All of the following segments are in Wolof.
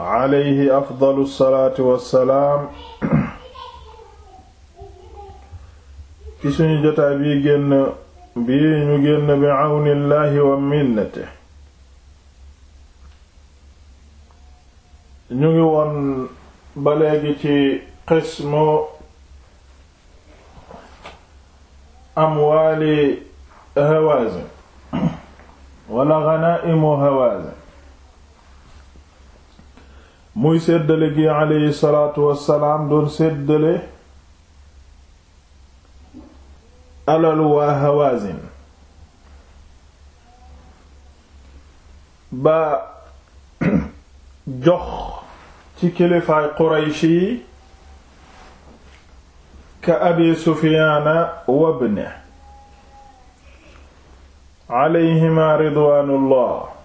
alayhi afdalu salaatu wassalaam ci suñu jotaay bii génn bii ñu génn bi àwnillaahi wa minnate ñu ngi woon ba léegi ci qismu amwaali hawaazin wala ghanaaimu hawaazin muy séddale gi aleyhi salaatu wassalaam doon séddale alal waa Hawazin ba jox ci kilifaay Quraysh yi ka abi Sufyaana wabne aleyhima ridwaanullah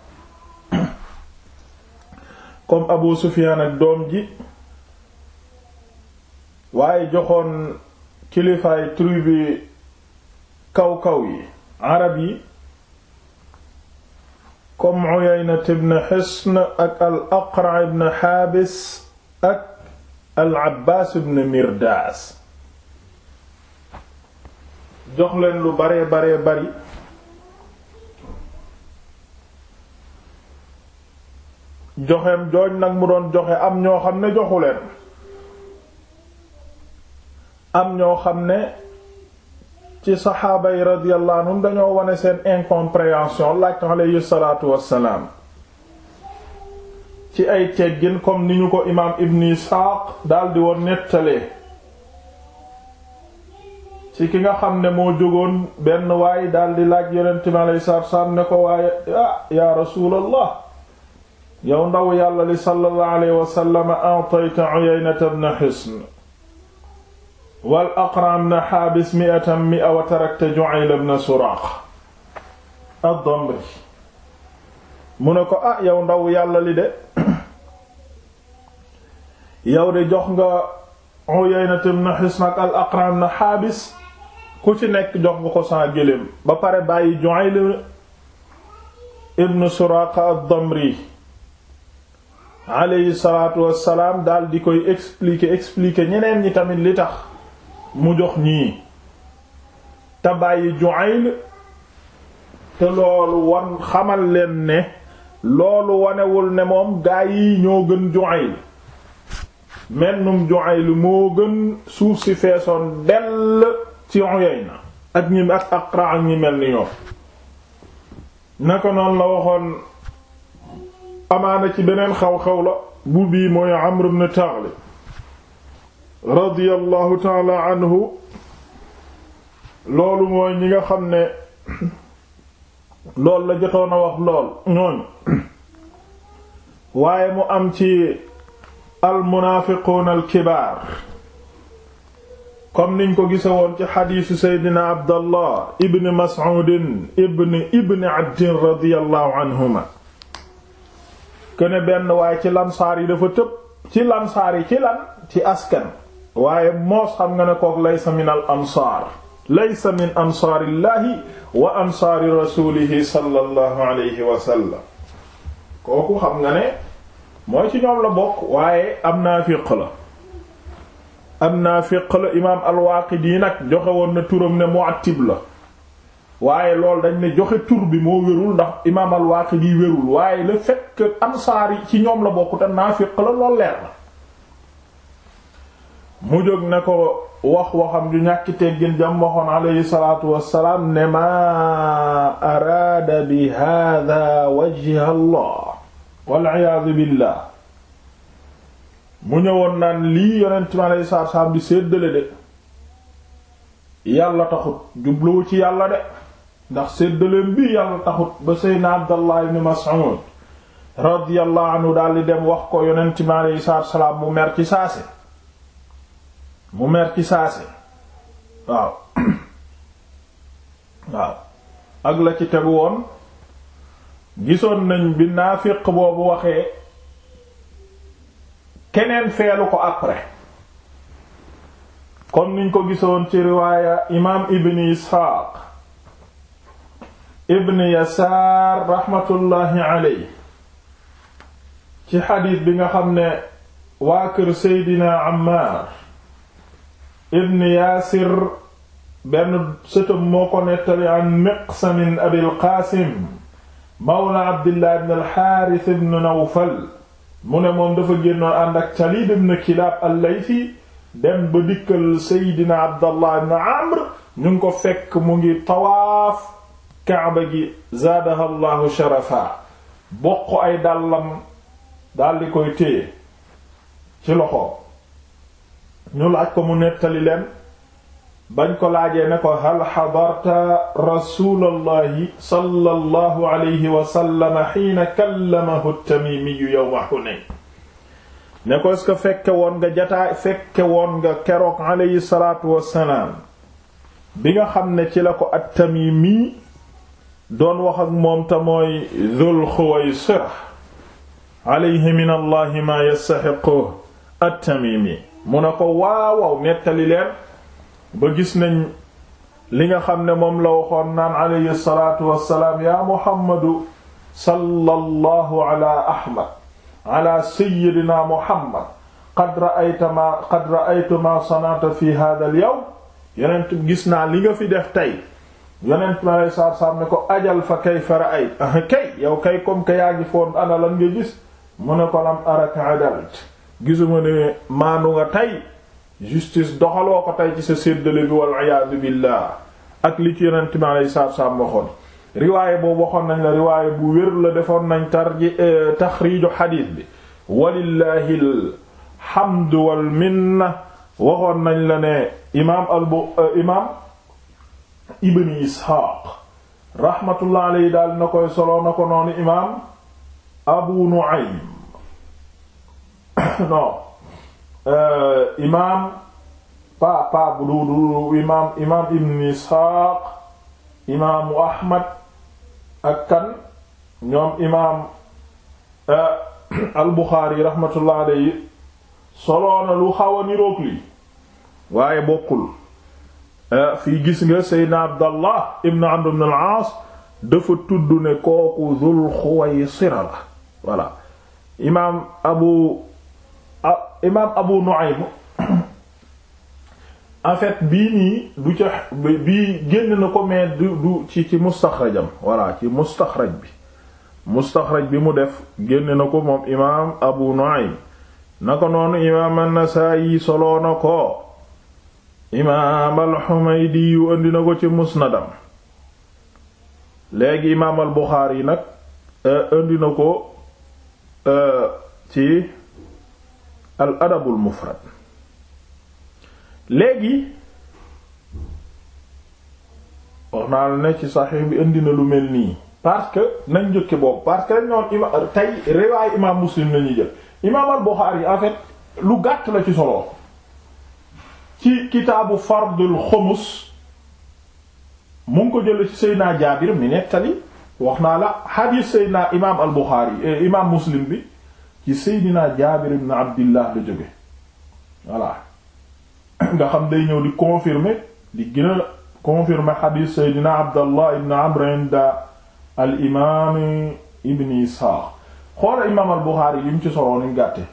comme Abu Sufyan ak doom ji waaye joxoon kilifaay tribu kaw kaw yi arab yi comme Uyayna ibn Hisn ak al Aqra ibn Habis ak al Abbaas ibn Mirdaas jox leen lu bare bare bari joxeem jooj nag mu doon joxe am ñoo xam ne joxu am ñoo xam ne ci saxaaba yi radiyallahu anhum dañoo wane seen incompréhension laaj alayhi salaatu wassalaam ci ay teggin comme ni ñu ko imaam ibn Isxaaq daldi woon nettalee ci ki nga xam ne moo jógoon benn waay daldi laaj yonent mi alayhi ne ko waaye ah yaa rasuulallah yow ndaw yàlla li sallallahu alayhi wa sallam a'tayta Uyaynata wal Aqra' ibn Haabis mi'atan mi'a wa tarakta Ju'ayl ibn Suraaqa ad-Damri mu ne ko ah yow ndaw yàlla li de yow de jox nga Uyaynata ibn Hisn al Aqra' ibn Haabis ku ci nekk jox nga ko saa gëléem ba pare bàyyi Ju'ayl ibn Suraaqa ad-Damri alayhi salaatu wassalaam daal di koy expliquer expliquer ñeneen ñi tamit li tax mu jox ñii te bàyyi Ju'ayl te loolu wan xamal leen ne loolu wanewul ne moom gaa yi ñoo gën Ju'ayl mennum Ju'ayl moo gën suuf si feesoon dell ci Uyayna ak ñi ak Aqra ak ñi mel ni ñoom naka noonu la waxoon amaana ci beneen xaw-xaw la bu bii mooy Amr ibn Taghlib radiyallahu taala anhu loolu mooy ñi nga xam ne loolu la jotoon wax lool ñooñu waaye mu am ci al munaafiquun al kibaar niñ ko gisa woon ci xadiisu seydina abdallah ibn mas'uudin ibn ibn abdin radiyallahu anhuma ne benn waaye ci lamsaar yi dafa tëb ci lamsaar yi ci lan ci askan waaye moos xam nga ne kook laysa min al ansaar laysa min ansaarillahi wa ansaari rasulihi sallallahu alayhi wa kooku xam nga ne mooy ci ñoom la bokk waaye am naa fiq la am naa fiq la imaam al-Waaqidi nag joxe woon na turam ne mu'attib la waaye loolu dañ ne joxe tur bi moo wérul ndax imaam al-Waaqidi wérul waaye le fait que ci ñoom la bokk te naafiq la lool leer na mu jóg ne ko wax waxam ju ñàkki teggin jam waxoon alayhi salaatu wassalaam ne maa araada bi hada wajha allah waliyaadu billah mu ñëwoon naan lii yonent mi alayhi di séddale de yàlla taxut jubloo ci yàlla de ndax séddaleem bi yàlla taxut ba seydna abdallah ibn mas'ud radiyallahu anhu daldi dem wax ko yonent mi aleyhi salaatu mu mer ci saase mu mer ci saase waaw waaw ak la ci tegu woon gisoon nañ bi fiq boobu waxee keneen feelu ko après comme niñ ko gisoon ci riwaaya imaam ibn isxaaq ibn yasaar raxmatullaahi aley ci xadiis bi nga xam ne waa seydina ammaar ibn yaasir benn sëtëm moo ko nettali an miqsamin abil qaasim mawla abdillah ibn alxaaris ibn nawfal mu ne moom dafa génnoon ànd ak taliib ibn kilaab allaysi dem ba dikkal seydina abdallah ibn amr ñu ko fekk mu ngi tawaaf kaaba gi zaadaha llahu sharafa bokk ay dàllam daldi koy téye ci loxo ñu laaj ko mu nettali leen bañ ko laajee ne ko hal xadarta rasulallahi sallallahu alayhi wa sallam xiina kallamahu tamimiyu yawma xunayn ne ko est-ce que fekke woon nga jataay fekke woon nga keroog alayhi salaatu wassalaam bi nga xam ne ci la ko at-tamimi don wax ak moom te mooy Dhul Khuwaysira alayhi min allahi ma yastahiqu at-Tamimi mu ko waawaw nettali leen ba gis nañ li nga xam ne moom la waxoon naan alayhi salaatu wassalaam yaa Muhammadu sallallahu ala Ahmad ala sayyidina Muhammad qad ra'aytu ma qad fi hadha al-yawm yeneen gis fi def tey yonent ma saab ne ko ajal fa kay fara ay ah, kay yow kay comme que yaa ngi foon ana lan nga gis mu ne ko lam arak adalt gisuma ne maanu nga tey justice doxaloo ko tey ci sa séddale bi wal iyaadu billah ak li ci yonent ma lay saab saab waxoon riwaaye boobu waxoon nañ la riwaaye bu wér la defoon nañ tarji eh, taxriiju xadiis bi walillahi alhamdu wal minna waxoon nañ la ne imaam al eh, imaam ibn isxaaq rahmatullah i daal na koy soloo na imaam abu nu'aym eh, imaam pa du imaam ibn isxaaq imaamu ahmad ak ñoom imaam eh, al buxaari rahmatullah alayhi soloo na lu xaw a niroog li waaye bokkul Eh, fii gis nga seydna abdallah ibn amr ibn al-aas dafa tudd ne kooku zul xuwaysira la voilà imaam abu imaam abu fait bii nii du ca bii génn na ko mais du ci ci mustaxrajam voilà ci mustaxraj bi mustaxraj mu def génn na ko moom imaam abu nu'aym na ko noonu imaam an-nasaa'i soloo na ko imaam al-Humaydi yu indi na ko ci musnadam léegi imaam al-Buxaari yi nag indi euh, na ko euh, ci al-adabul mufrad léegi wax naa la ne ci saxiix bi indi na lu mel nii parce que nañ njëkke boobu parce que dañ noon ima tey riwaay imaam Muslim la ñuy imaam al-Buxaari yi en lu gàtt la ci solo ci kitaabu fardul xumus mu ngi ko jële ci Seydina Jaabir mi nettali wax naa la xadiis Seydina imaam al Buxaari eh, imaam Muslim bi ci Seydina Jaabir ibn Abdillah la jóge nga xam day ñëw di confirmer di gën a confirmer Seydina Abdallah ibn Amr al imaam ibn Isaaq xoola imaam al Buxaari yi ci soroon ñu gàtte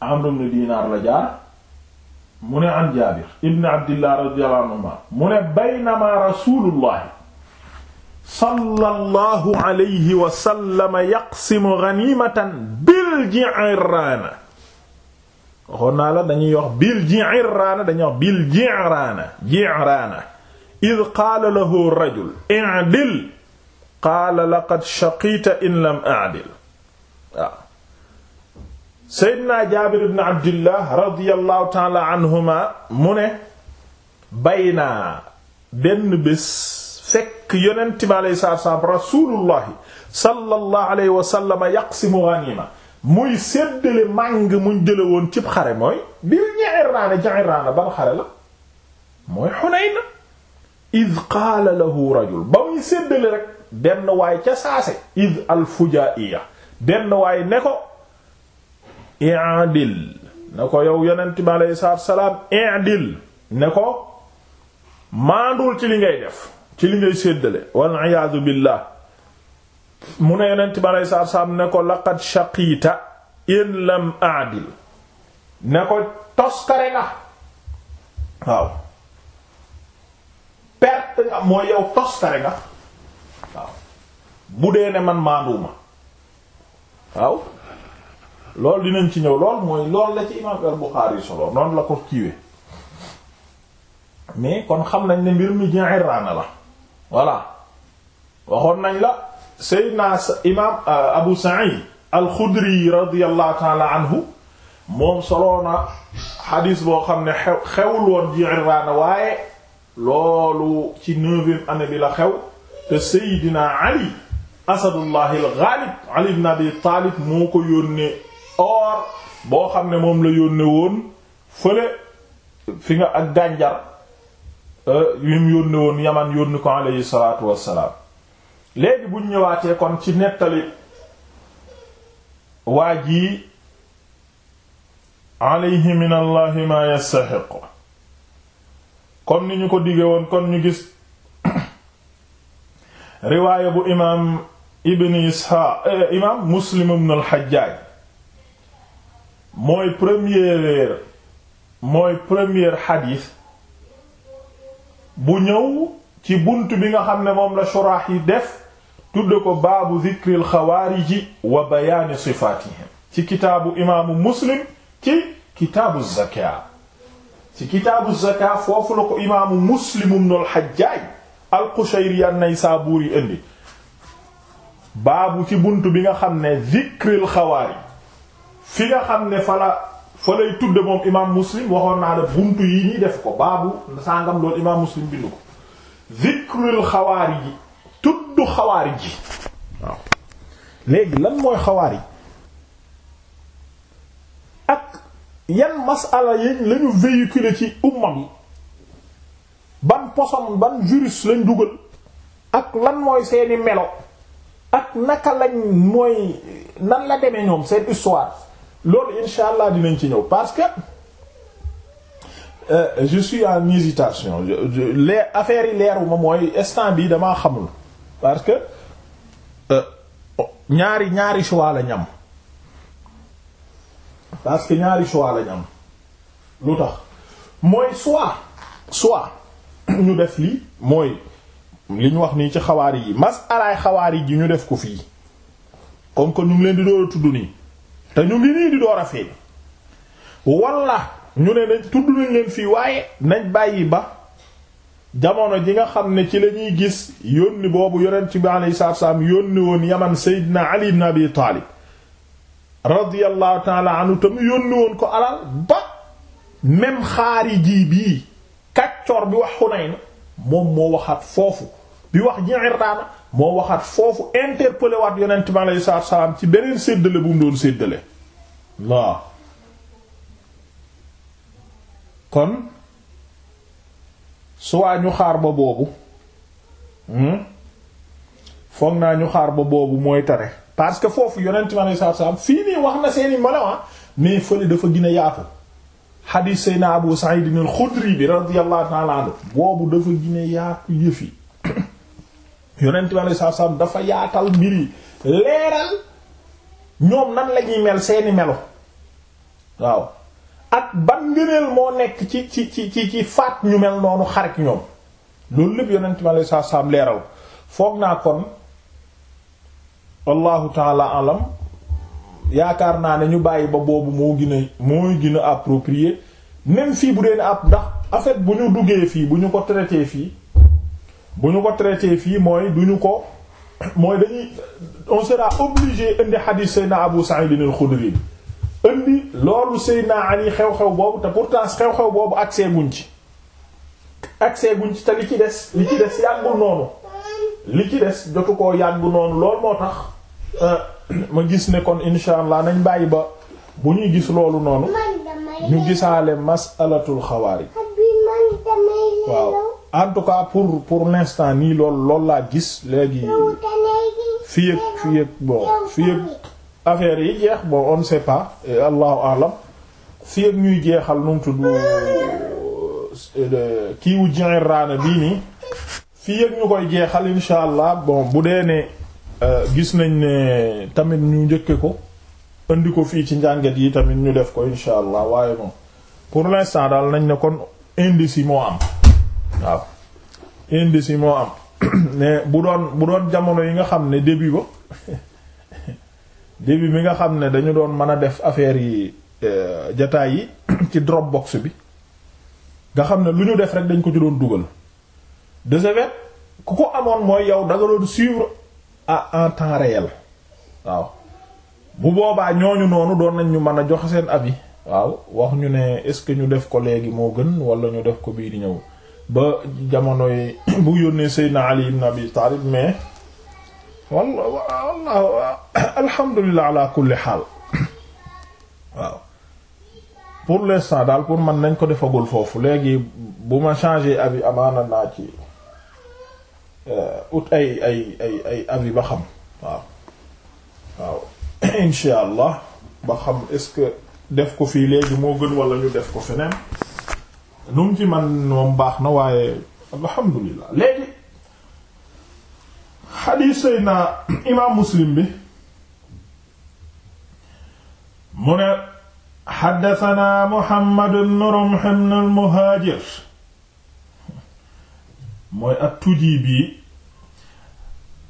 Amr ibn Dinar la jaar mu ne an Jaabir ibn Abdillah radiyallahu anhuma mu ne baynama rasulullah sallallahu alayhi wa sallam yaqsimu ghanimatan bil Ji'rana waxoon naa la dañuy wax bil Ji'rana dañuy wax bil Ji'rana Ji'rana id qaala lahu rajul i'dil qaala laqad shaqiita in lam a'dil waaw seydina jaabir ibn abdillah radiallahu taala anhuma mu ne baynaa benn bés fekk yonent bi alayhi salaatu wa salaam rasuulullahi sallallahu alayhi wa sallam yaqsimu ganiima muy séddale màng muñ jële woon cib xare mooy bil Ji'irraana Ji'irraana ban xare la mooy Hunayn id qaala lahu rajul ba muy séddale rek benn waay ca saase id al fujaa'iya benn waay ne ko i'dil ne ko yow yonent bi aleyhi salaatu salaam i'dil ne ko maandul ci li ngay def ci li ngay séddale wal iyaadu billah mu ne yonent bi aleyhi salaatu salaam ne ko laqad shaqiita in lam a'dil ne ko toskare nga waaw perte nga mooy yow toskare nga waaw ne man maanduuma loolu dinañ ci ñëw lool mooy lool la imaam al-Bukhari solo noonu la ko kiiwe mais kon xam nañ ne mbir mi Ji'irraana la voilà waxoon nañ la Seydina imaam euh, Abu Sa'id al-Khudri radiyallahu ta'ala anhu moom solo na xadiis boo xam ne xew xewul woon Ji'irraana waaye loolu ci neuvième année bi la xew te Seydina Ali asadullahi al-Ghalib Ali ibn Abi Talib moo ko yónnee or boo xam ne moom la yónnee woon fële fi nga ak gànjar euh, yim yónne woon yaman yónni ko aleyhi salaatu wassalaam léegi buñ ñëwaatee kon ci nettali waa jii aleyhi min allahi ma yastaxiq comme ni ñu ko dige woon kon ñu gis riwaaya bu imaam ibn isxaaq euh, imaam muslim ibn al mooy première mooy première xadiis bu ñëw ci bunt bi nga xam ne moom la shuraax yi def tudd ko baabu zikril xawaariji wa bayaani sifaatihim ci kitaabu imaamu muslim ci kitaabu zakaa ci kitaabu zakaa foofu la ko imaamu muslim ibnul xajjaaj al-qushayri an-naysaabuuri baabu ci bunt bi nga xam ne zikril xawaarij fi nga xam ne fa la fa lay tudde moom imaam muslim waxoon naa la buntu yi ñuy def ko baabu sàngam loolu imaam muslim bindu ko zikrul xawaarij yi tudd xawaarij yi léegi lan mooy xawaarij ak yan masala yi lañu véhiculer ci umma bi ban poson ban virus lañ dugal ak lan mooy seeni melo ak naka lañ mooy nan la demee ñoom seen histoire loolu insha allah dinañ ci ñëw parce que euh, je suis en hésitation les affaires yi leeruma mooy instant bi damaa xamul parce que euh, ñaari ñaari choix la ñam parce que ñaari choix la ñam lu tax mooy soit soit ñu def lii mooy li ñu wax nii ci xawaari yi mas alaay xawaari yi ñu def ko fii kon que ñu ngi leen di door a tudd nii te ñu ngi nii di door a feeñ ñu ne nañ tudd nañ leen fii waaye nañ bàyyi ba jamono ji nga xam ne ci la ñuy gis yónni boobu yonent bi alayhi salaatu wassalaam yónni woon yaman Seydina Ali ibn Abi Taalib radiyallahu taala anhu te mu yónni woon ko alal ba même xaariji bii kàccoor bi wax Xunayn moom moo waxaat foofu bi wax Ji'irraana moo waxaat foofu interpellé waat yonent bi aleyhi salaatu salaam ci beneen séddale bu mu doon séddale waaw kon suwaa ñu xaar ba boobu hmm? foog naa ñu xaar ba boobu mooy tare parce que foofu yonent bi aleyhi salaatu salaam fii nii wax na seeni malawa mais fële dafa gën a yaatu xadiis Seydina Abu Sa'id al-Xudri bi radiyallahu ta'ala anhu boobu dafa gën yaatu yëfi yonent bi saa dafa yaatal mbir yi ñoom nan la ñuy mel seeni melo waaw ak ban ngëneel moo nekk ci ci ci ci ci faat ñu mel noonu xarit ñoom loolu lépp yonent bi saa saam leeral foog naa kon wallahu taala alam yaakaar naa ne ñu bàyyi ba boobu moo gën a mooy gën a approprié même fii bu dee ne ab ndax en bu ñu duggee fii bu ñu ko traité fii. bu ñu ko traité fii mooy duñu ko mooy dañuy on sera obligé indi xadiis Seydina Abu Sa'id al-Khudri indi loolu Seydina Ali xew-xew boobu te pourtant xew-xew boobu accès guñ ci accès guñ ci te li ci des li ci des yàggul noonu li ci des jotu ko yàgg noonu loolu moo tax euh, ma gis ne kon insha allah nañ bàyyi ba bu ñuy gis loolu noonu ñu gisaale masalatul xawaarij waaw en tout cas pour pour l'instant nii lool loolu laa gis léegi fii ak fii ak bon fii ak affaire yi jeex bon on ne sait pas allahu alam fii ak ñuy jeexal nu mu tudd euh, kii fii ak ñu koy jeexal insha allah bon bu dee ne euh, gis nañ ne tamit ñu njëkke ko indi ko fii ci njànget yi tamit ñu def ko insha allah waaye moom pour l'instant daal nañ ne kon indice moo am waaw indice yi moo am ne bu doon bu doon jamono yi nga xam ne début ba début bi nga xam ne dañu doon mën a def affaire yi euh, jataay yi ci Dropbox bi nga xam ne lu ñu def rek dañ ko ci doon dugal de ce ku ko amoon mooy yow da nga doon suivre à en temps réel waaw bu boobaa ñooñu noonu doon nañ ñu mën a joxe seen avis waaw wax ñu ne est-ce que ñu def ko léegi moo gën wala ñu def ko bii di ñëw ba jamonoy bu yónnee Seydina Ali ibn Abi Taalib mais walla walla alhamdulilah ala kulli xaal waaw pour l'instant daal pour man nañ ko defagul foofu léegi bu ma changé avis amaana naa ci euh, ut ay ay ay ay avis ba xam allah ba def ko fii léegi moo gën wala ñu def ko feneen nu mu ci man moom baax na waaye alhamdulilah léegi xadiis Seydina imaam Muslim bi mu ne xaddasanaa Muhammad ibn Rumh ibn al-Muhaajir mooy at-Tujiibi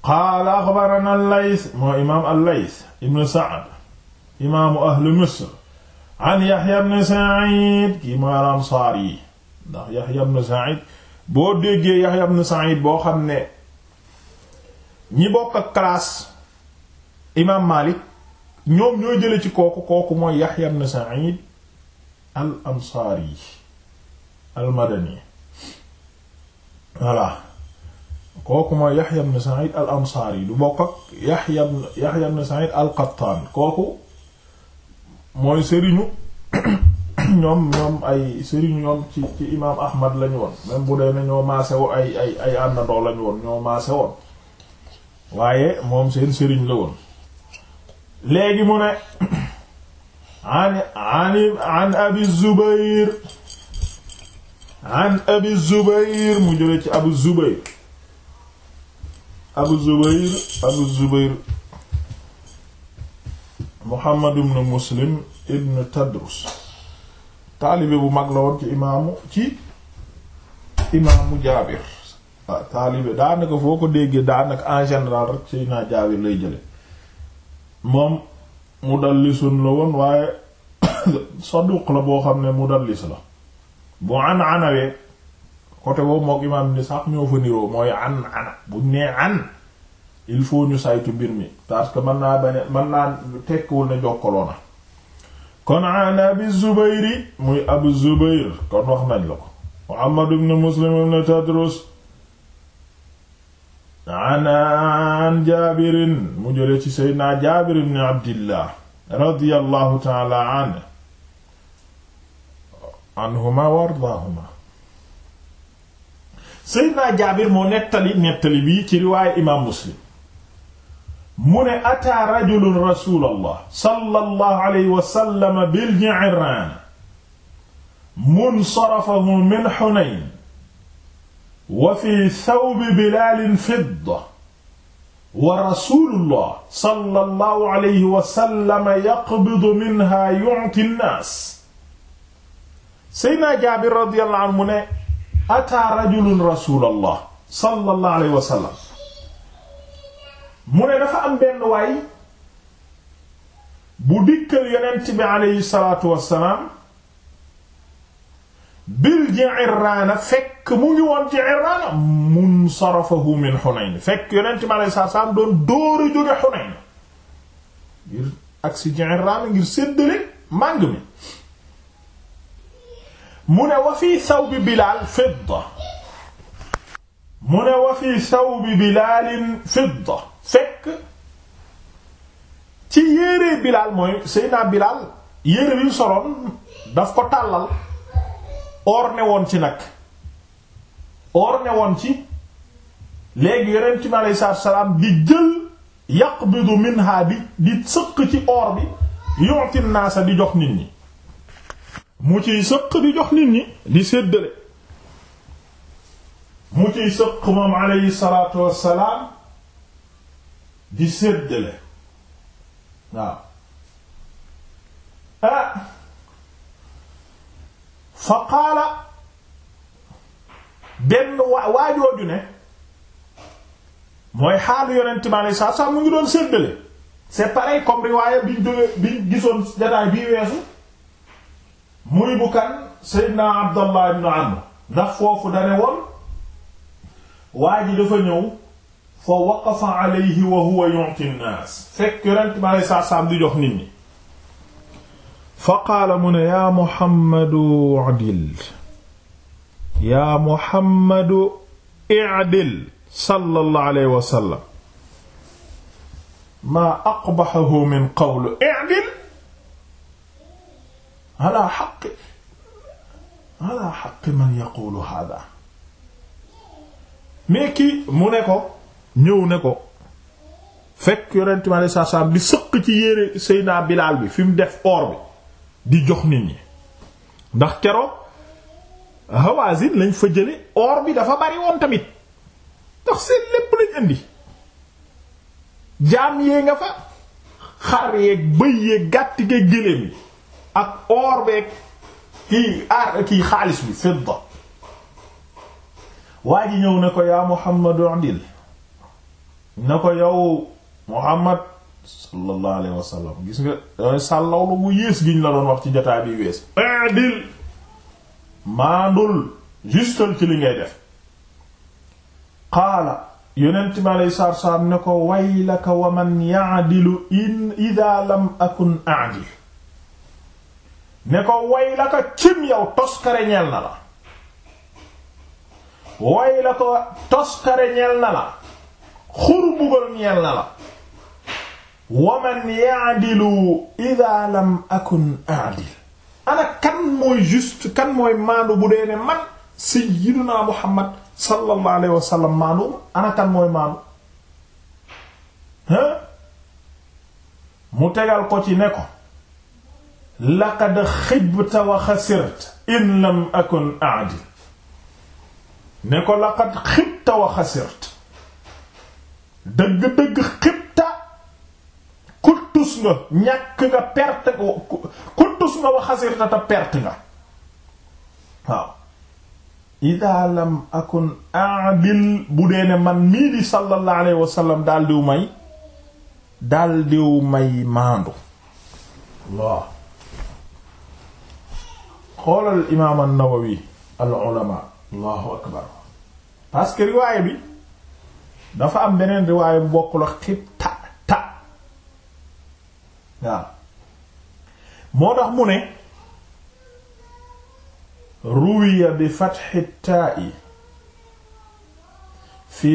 qaala axbarana al-Lays mooy imaam al-Lays ibn Sa'd imaamu ahli Misr an Yahya ibn Sa'id kii mooy al-Ansaari ndax Yahya ibn Sa'id boo déggee Yahya ibn Sa'id boo xam ne ñi bokk ak classe imaam Malik ñoom ñoo jële ci kooku kooku mooy Yahya ibn Sa'id al ansaari al madani voilà kooku mooy Yahya ibn Sa'id al ansaari du bokk ak Yahya Yahya ibn Sa'id al qattaan kooku mooy sëriñu ñoom ñoom ay sëriñ ñoom ci ci imaam Ahmad lañu woon même bu dee ne ñoo maase woon ay ay ay àndandoo lañu woon ñoo maase woon waaye moom seen sëriñ la woon léegi mu ne an an abi Zubayr an abi Zubayr mu jële ci abu Zubayr abu Zubayr abu Zubayr Muhammad ibn Muslim ibn Tadrus taalibe bu mag la woon ci imaamu ci imaamu jaabir waaw ah, taalibe daanaka foo ko déggee daanaka en général ci naa jaabir lay jële moom mudallisun la woon waaye saduq la boo xam ne mudallis la bu an anawee côté boobu mook imaam ni sax ñoo fa niroo mooy an ana buñ nee an il faut ñu saytu mbir mi parce que mën naa bane mën naa tekkiwul ne jokkaloo na kon an abi zubayri muy abu zubayr kon wax nañ la ko muhammad ibn muslim ibn tadrus an jaabirin mu jële ci seydna jaabir ibn abdillah radiyallahu taala an anhuma wa ardaahuma seydna jaabir moo nettali nettali bii ci riwaaye imaam muslim mu ne ataa rajulun rasulallah sallallahu alayhi wa sallam bil Ji'irraan munsarafahu min Hunayn wa fi thawbi Bilaal fidda wa rasulullah sallallahu alayhi wa sallam yaqbidu minha yu'ti an-naas Seydina Jaabir radiyallahu anhu mu ne ataa rajulun rasulallah sallallahu alayhi wa sallam mu ne dafa am benn waay bu dikkal yonent bi aleyhi salaatu wassalaam bil Ji'irraana fekk mu ngi woon Ji'irraana munsarafahu min Hunayn fekk yonent bi aleyhi salaatu wassalaam doon dóora jóge Hunayn ngir agsi Ji'irraana ngir séddale màng mi mu ne wa fii sawbi Bilaal fidda mu ne wa fii sawbi Bilaalin fidda fekk ci yére Bilaal mooy Seydina Bilaal yére bi soloon daf ko tàllal or ne woon ci nag or ne woon ci léegi yonent mi aleyhi salaatu salaam di jël yaqbidu minha di di sëq ci oor bi yu'ti naasa di jox nit mu ciy sëq di jox nit ñi di séddale mu ciy sëq moom aleyhi salaatu wassalaam di séddale waaw ah fa qaala benn waa waajooju ne mooy xaalu yonent mi alei satu salaam mu ngi doon séddale c'est pareil comme riwaaya biñ jóge biñ gisoon jataay bii weesu muy bu kan Seydina Abdallah ibn Amr ndax woon waa ji dafa ñëw fa waqafa alayhi wa huwa yu'ti an-nas fekk yonent bi alei saatu salaam di jox nit ñi fa qaala mu ne yaa Muhammadu i'dil yaa Muhammadu i'dil sallallahu alayhi wa sallam maa aqbahahu min qawl i'dil ala haqqi ala haqqi man yaqulu hada mais kii mu ne ko ñëw ne ko fekk yonent mi alayhi salaam di sëq ci yére Seydina Bilaal bi fi mu def or bi di jox nit ñi ndax keroog Hawazin lañ fa jële or bi dafa bari woon tamit ndax seen lépp lañ indi jaam yee nga fa xar yeeg bëy yeeg gàtt geeg gëléem yi ak or beeg kii aar kii xaalis bi fidda waa ji ñëw ne ko yaa Muhammadu andil na ko yow Muhammad sallallahu alayhi wa gis nga eh, sàllawlu bu yées giñ la doon wax ci jotaay bi wees indil maandul justal ci li ngay def qaala yonent mi aleyhi salaatu salaam ne ko waylaka wa man ya'dilu in idha lam akun a'dil ne ko waylaka cim yow toskare ñeel na la toskare ñeel na xuru mbugal ñeel na la wa man yaadilu ida lam akun aadil ana kan mooy juste kan mooy maandu bu dee ne man sayyiduna muhammad sallallahu alayhi wa sallam maandu ana kan mooy maandu ha mu tegal ko ci ne ko laqad xibta wa xasirta in lam akun aadil ne ko laqad xibta wa xasirta dëgg-dëgg xibta kuttus nga ñàkk nga perte nga kuttus nga wa ta perte nga waaw ida lam akun aadil bu dee ne man mii di sallallahu alayhi wasallam daal diw may daal diw may maandu waaw xoolal imaam an-Nawawi al ulama allahu akbar parce riwaaya bi dafa am beneen riwaay bu bokkul ak xib ta ta waaw moo tax mu ne ruwiya bi fatxi taa'i fi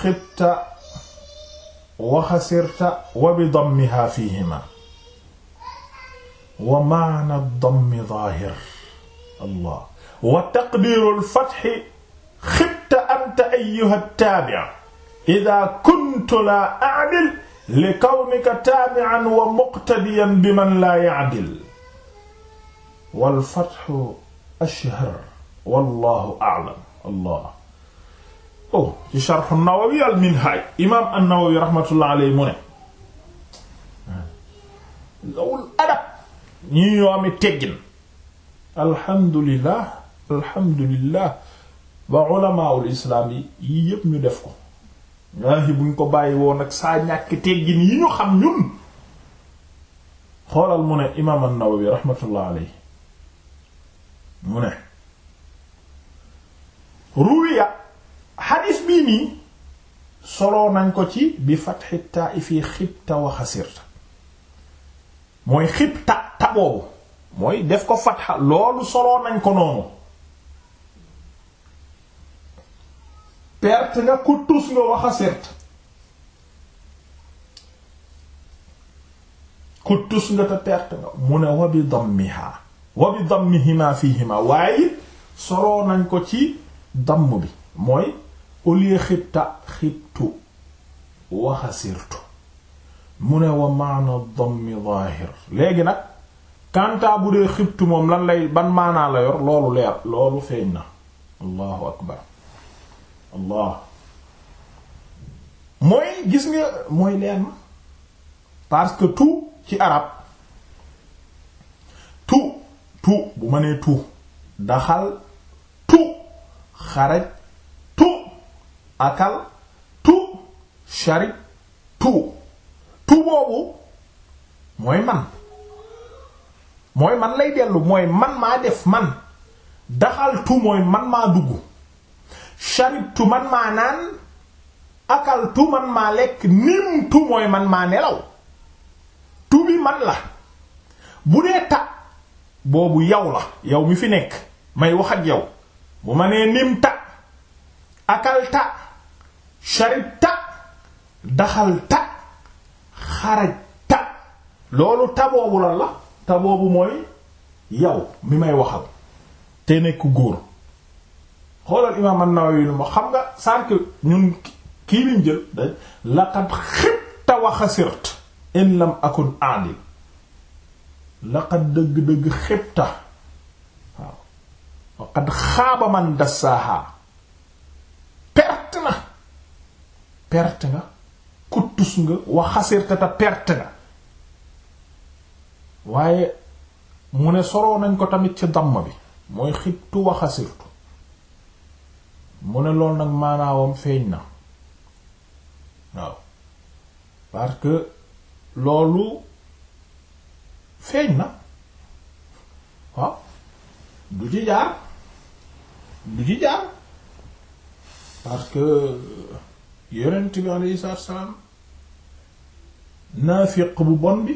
xibta wa xasirta wa bi dammiha fihima wa maana dammi zaahir allah wa taqdiirul fatxi xib anta ayyuha taabi'a idha kuntu laa a'dil li kawnika taabi'an wa muqtadiyan biman laa ya'dil wal fathu ashhar wallahu a'lam allah oh ci sharh an-Nawawi al-Minhaj imam an-Nawawi rahmatullah alayhi mu ne zawul adab ñi yoomi teggin alhamdulillah alhamdulillah ba ulamaawul islaam yii yépp ñu def ko waaye buñ ko bàyyi woon ak saa ñàkk teggin yi ñu xam ñun xoolal mu ne imaam an-Nawawi rahmatullah alayhi mu ne ruwiya xadiis bii nii soloo nañ ko ci bi fatxi taa'ifi xibta wa mooy xibta ta mooy def ko fatxa loolu soloo nañ ko noonu perte nga ku tus nga wax a sert ku nga te perte nga mu ne wabi dammihaa wabi dammihimaa fiihimaa waaye soroo nañ ko ci damm bi mooy au lieu xibta xibtu wax a sirtu mu ne wa maana dammi zaahir léegi nag kantaa bu dee xibtu moom lan lay ban maanaa la loolu leer loolu feeñ na allahu akbar allah mooy gis nga mooy leen parce que tu ci arab tu tout bu ma nee tout daxal tu xaraj tout akal tu sharib tu tout boobu mooy man mooy man lay dellu mooy man maa def man daxal tout mooy man maa dugg sharibtu man maa naan akaltu man maa lekk nimtu mooy man maa nelaw tu man la bu dee ta boobu yow la yow mi fi nekk may wax ak yow bu ma nee nimta akalta sharibta daxalta xarajta loolu ta boobu la la ta boobu mooy yow mi may waxal te nekk góor xoolal imaam an lu ma xam nga sànq ñun kii liñ jël da laqad xibta wa xasirt in akun aadil laqad dëgg-dëgg xibta waaw waqad xaaba man dassaaha perte na perte nga kuttus nga wa xasirta perte nga waaye mu ne soroo nañ ko tamit ci damm bi mooy xibtu wa mu ne lool nag maanaawam feeñ na waaw parce que loolu feeñ na waaw du ci jaar du ci jaar parce que yonent bi alayhi salaatu bu bon bi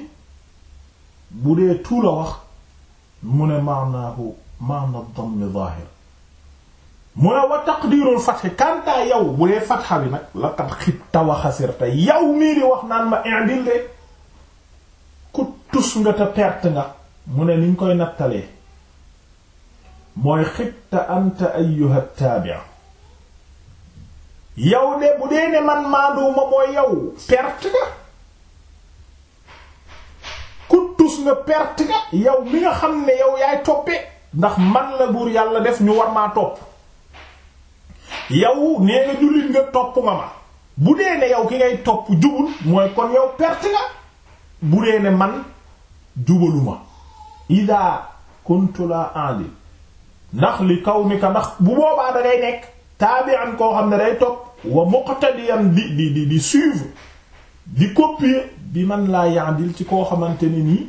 bu dee tuula wax mu ne maanaahu maana dammi zaahir mu ne wa taqdirul fatxi kantaa yow bu dee fatxa bi nag laqad xibta wa xasirta yow mii di wax naan ma indil de ku nga te perte nga mu ne niñ koy nattalee mooy xibta anta ayyuha taabi' yow de bu dee ne man maanduwuma mooy yow perte nga ku nga perte nga yow mi nga xam ne yow yaay toppee ndax man la buur yàlla def ñu war maa topp yow nee nga jullit nga topp nga ma bu dee ne yow ki ngay topp jubul mooy kon yow perte nga bu dee ne man jubaluma ida kuntu la andi ndax li kaw ni ka ndax bu boobaa da nekk taabi'an koo xam ne day topp wa muqtadiyan di di di di suivre di copier bi man laa yaandil ci koo xamante ni nii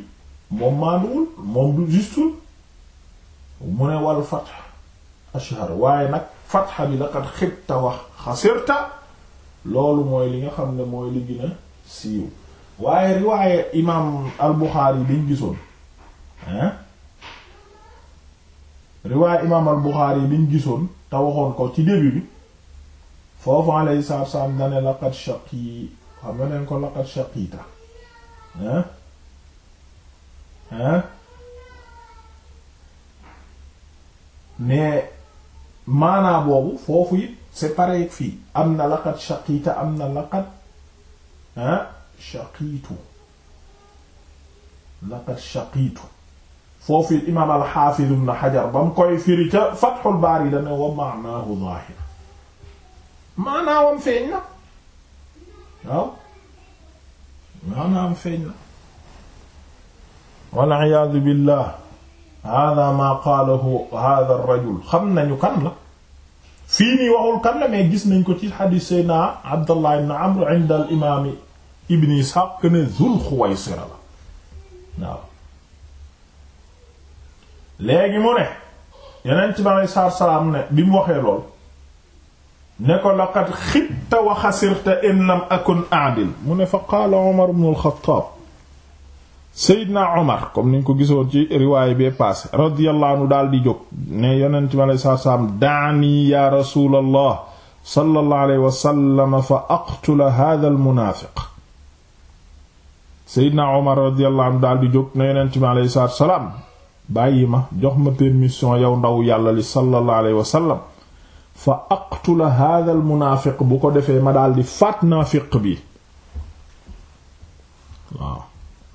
moom maanuwul moom du justul mu ne wal fath ashhar waaye nag fatxa bi laqad xibta wax xasirta loolu mooy li nga xam ne mooy li gën a siiw waaye riwaaye imaam al biñ gisoon hein riwaaye imaam al Buxaari gisoon te waxoon ko ci début bi foofu alayhi salaatu salaam dane laqad shaqi xam nga neen ko laqad shaqita hein hein mais maanaa boobu foofu it c'est pareil ak fii am na laqad shaqiita am na laqad ah shaqiitu laqad shaqiitu foofu it imaam al-Haafiz ibn Hajar ba mu koy firi ca Fathul Baari dane wa maanaahu zaahir maanaawam feeñ na waaw maanaawam feeñ na wal iyaadu billah hada ma qaalahu hada ar-rajul xam nañu kan la fii nii waxul kan la mais gis nañ ko ci xadiis Seydina Abdallah ibn Amr inda al imaam Ibn Ishaq ne Zul Xuwaysira la waaw léegi mu ne Yonent bi alayhi salaatu salaam ne bi mu waxee lool ne ko laqad xibta wa xasirta in lam akun a'dil mu ne fa qaala Umar ibn al-Xattaab Seydina Omar comme ni ko gisoon ci riwaay bee paase radiyallahu anhu daal di jog ne yonent mi alayhi salaatu salaam daani ya rasuulallah sallallahu wa sallam fa aqtula haadhal munaafiq Seydina Omar daal di jóg ne yonent mi alayhi salaatu salaam bàyyi ma jox ma mission yow ndaw yàlla li sallallahu alayhi wa sallam fa aqtula haadhal munaafiq bu ko defee ma daal di faat naafiq bi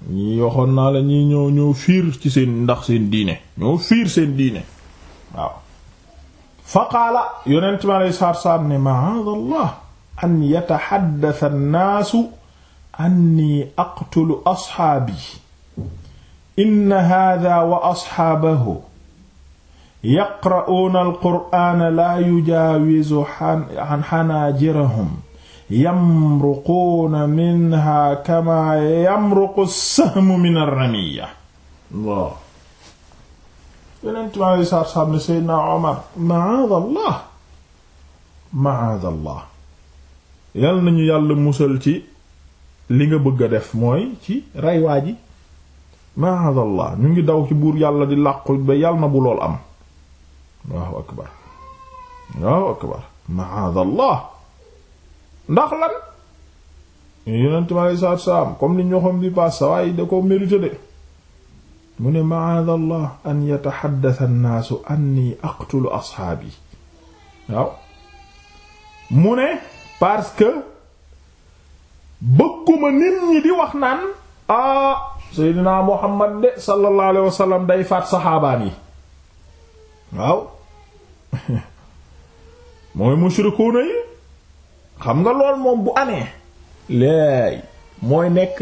ñii waxoon naa la ñii ñoo ñoo fiir ci seen ndax seen diine ñoo fiir seen diine waaw fa qaala yonent mi alei salaatu salaam ne maadallah an yataxaddasa annaasu anni aqtulu asxaabi inna haadaa wa asxaabahu yaqra'uuna alqur'aana laa yujaawizu xanaajirahum yamruquuna minha kama yamruqu as-sahmu min ar-ramiyya Allah yonent mi alei satu salaam ne Seydina Omar maadallah maadallah yal nañu yàlla musal ci li nga bëgg a def mooy ci rey waa ji maadallah ñu ngi daw ci buur yàlla di làqu ba yàlla na bu lool am Allahu akbar Allahu akbar maadallah ndax lan yonent mi alei salaatu salaam comme ni ñoo xam bi paas sa waaye da ko de mu ne maada allah an yataxaddasa annaasu anni aqtulu asxaabi waaw mu ne parce bëgguma nit ñi di wax naan ah seydinaa muhammad de sallallahu alayhi yi xam nga lool moom bu amee léegi mooy nekk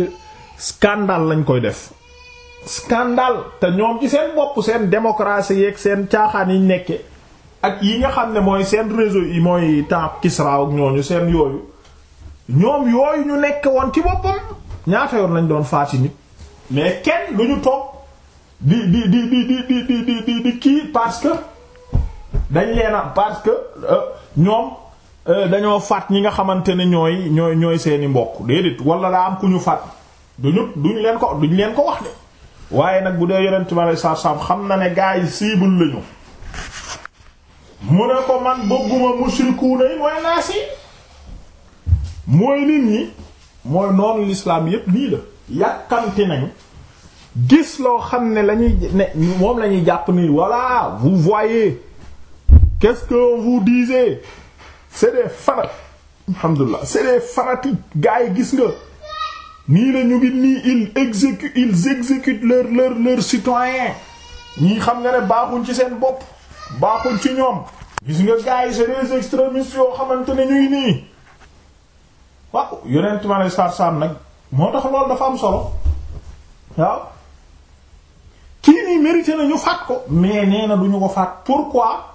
scandale lañ koy def scandale te ñoom ci seen bopp seen démocratie yeeg seen caaxaan yi nekke ak yi nga xam ne mooy seen réseau yi mooy temps Kisra ak ñooñu seen yooyu ñoom yooyu ñu nekk woon ci boppam ñaata yoon lañ doon faati nit mais kenn lu ñu toog di di di di di di di di kii parce que dañ leena parce que euh, ñoom Euh, dañoo faat ñi nga xamante ne ñooy ñooy ñooy seeni mbokk déedéet wala daa am ku ñu faat duñu duñ leen ko duñ leen ko wax de waaye nag bu dee yonent bi alei satu xam na ne gaa yi cible lañu mu ne ko man bëgguma mushrikuuna yi mooy lii la yàkkamti nañu gis loo xam ne lañuy ne jàpp ni voilà vous voyez qu'est-ce que vous c'est des fanat alhamdulilah c'est des fanatiques gars yi gis nga nii la ñu ngi nii ils exécutent ils exécutent leur leur leur citoyen ñii xam nga ne baaxuñ ci seen bopp baaxuñ ci ñoom gis nga gars yi c'est des yoo xamante ne ñuy nii waaw yonent ma lay saar-saam nag moo tax loolu dafa am solo waaw kii nii mérité na ñu faat ko mais nee na duñu ko faat pourquoi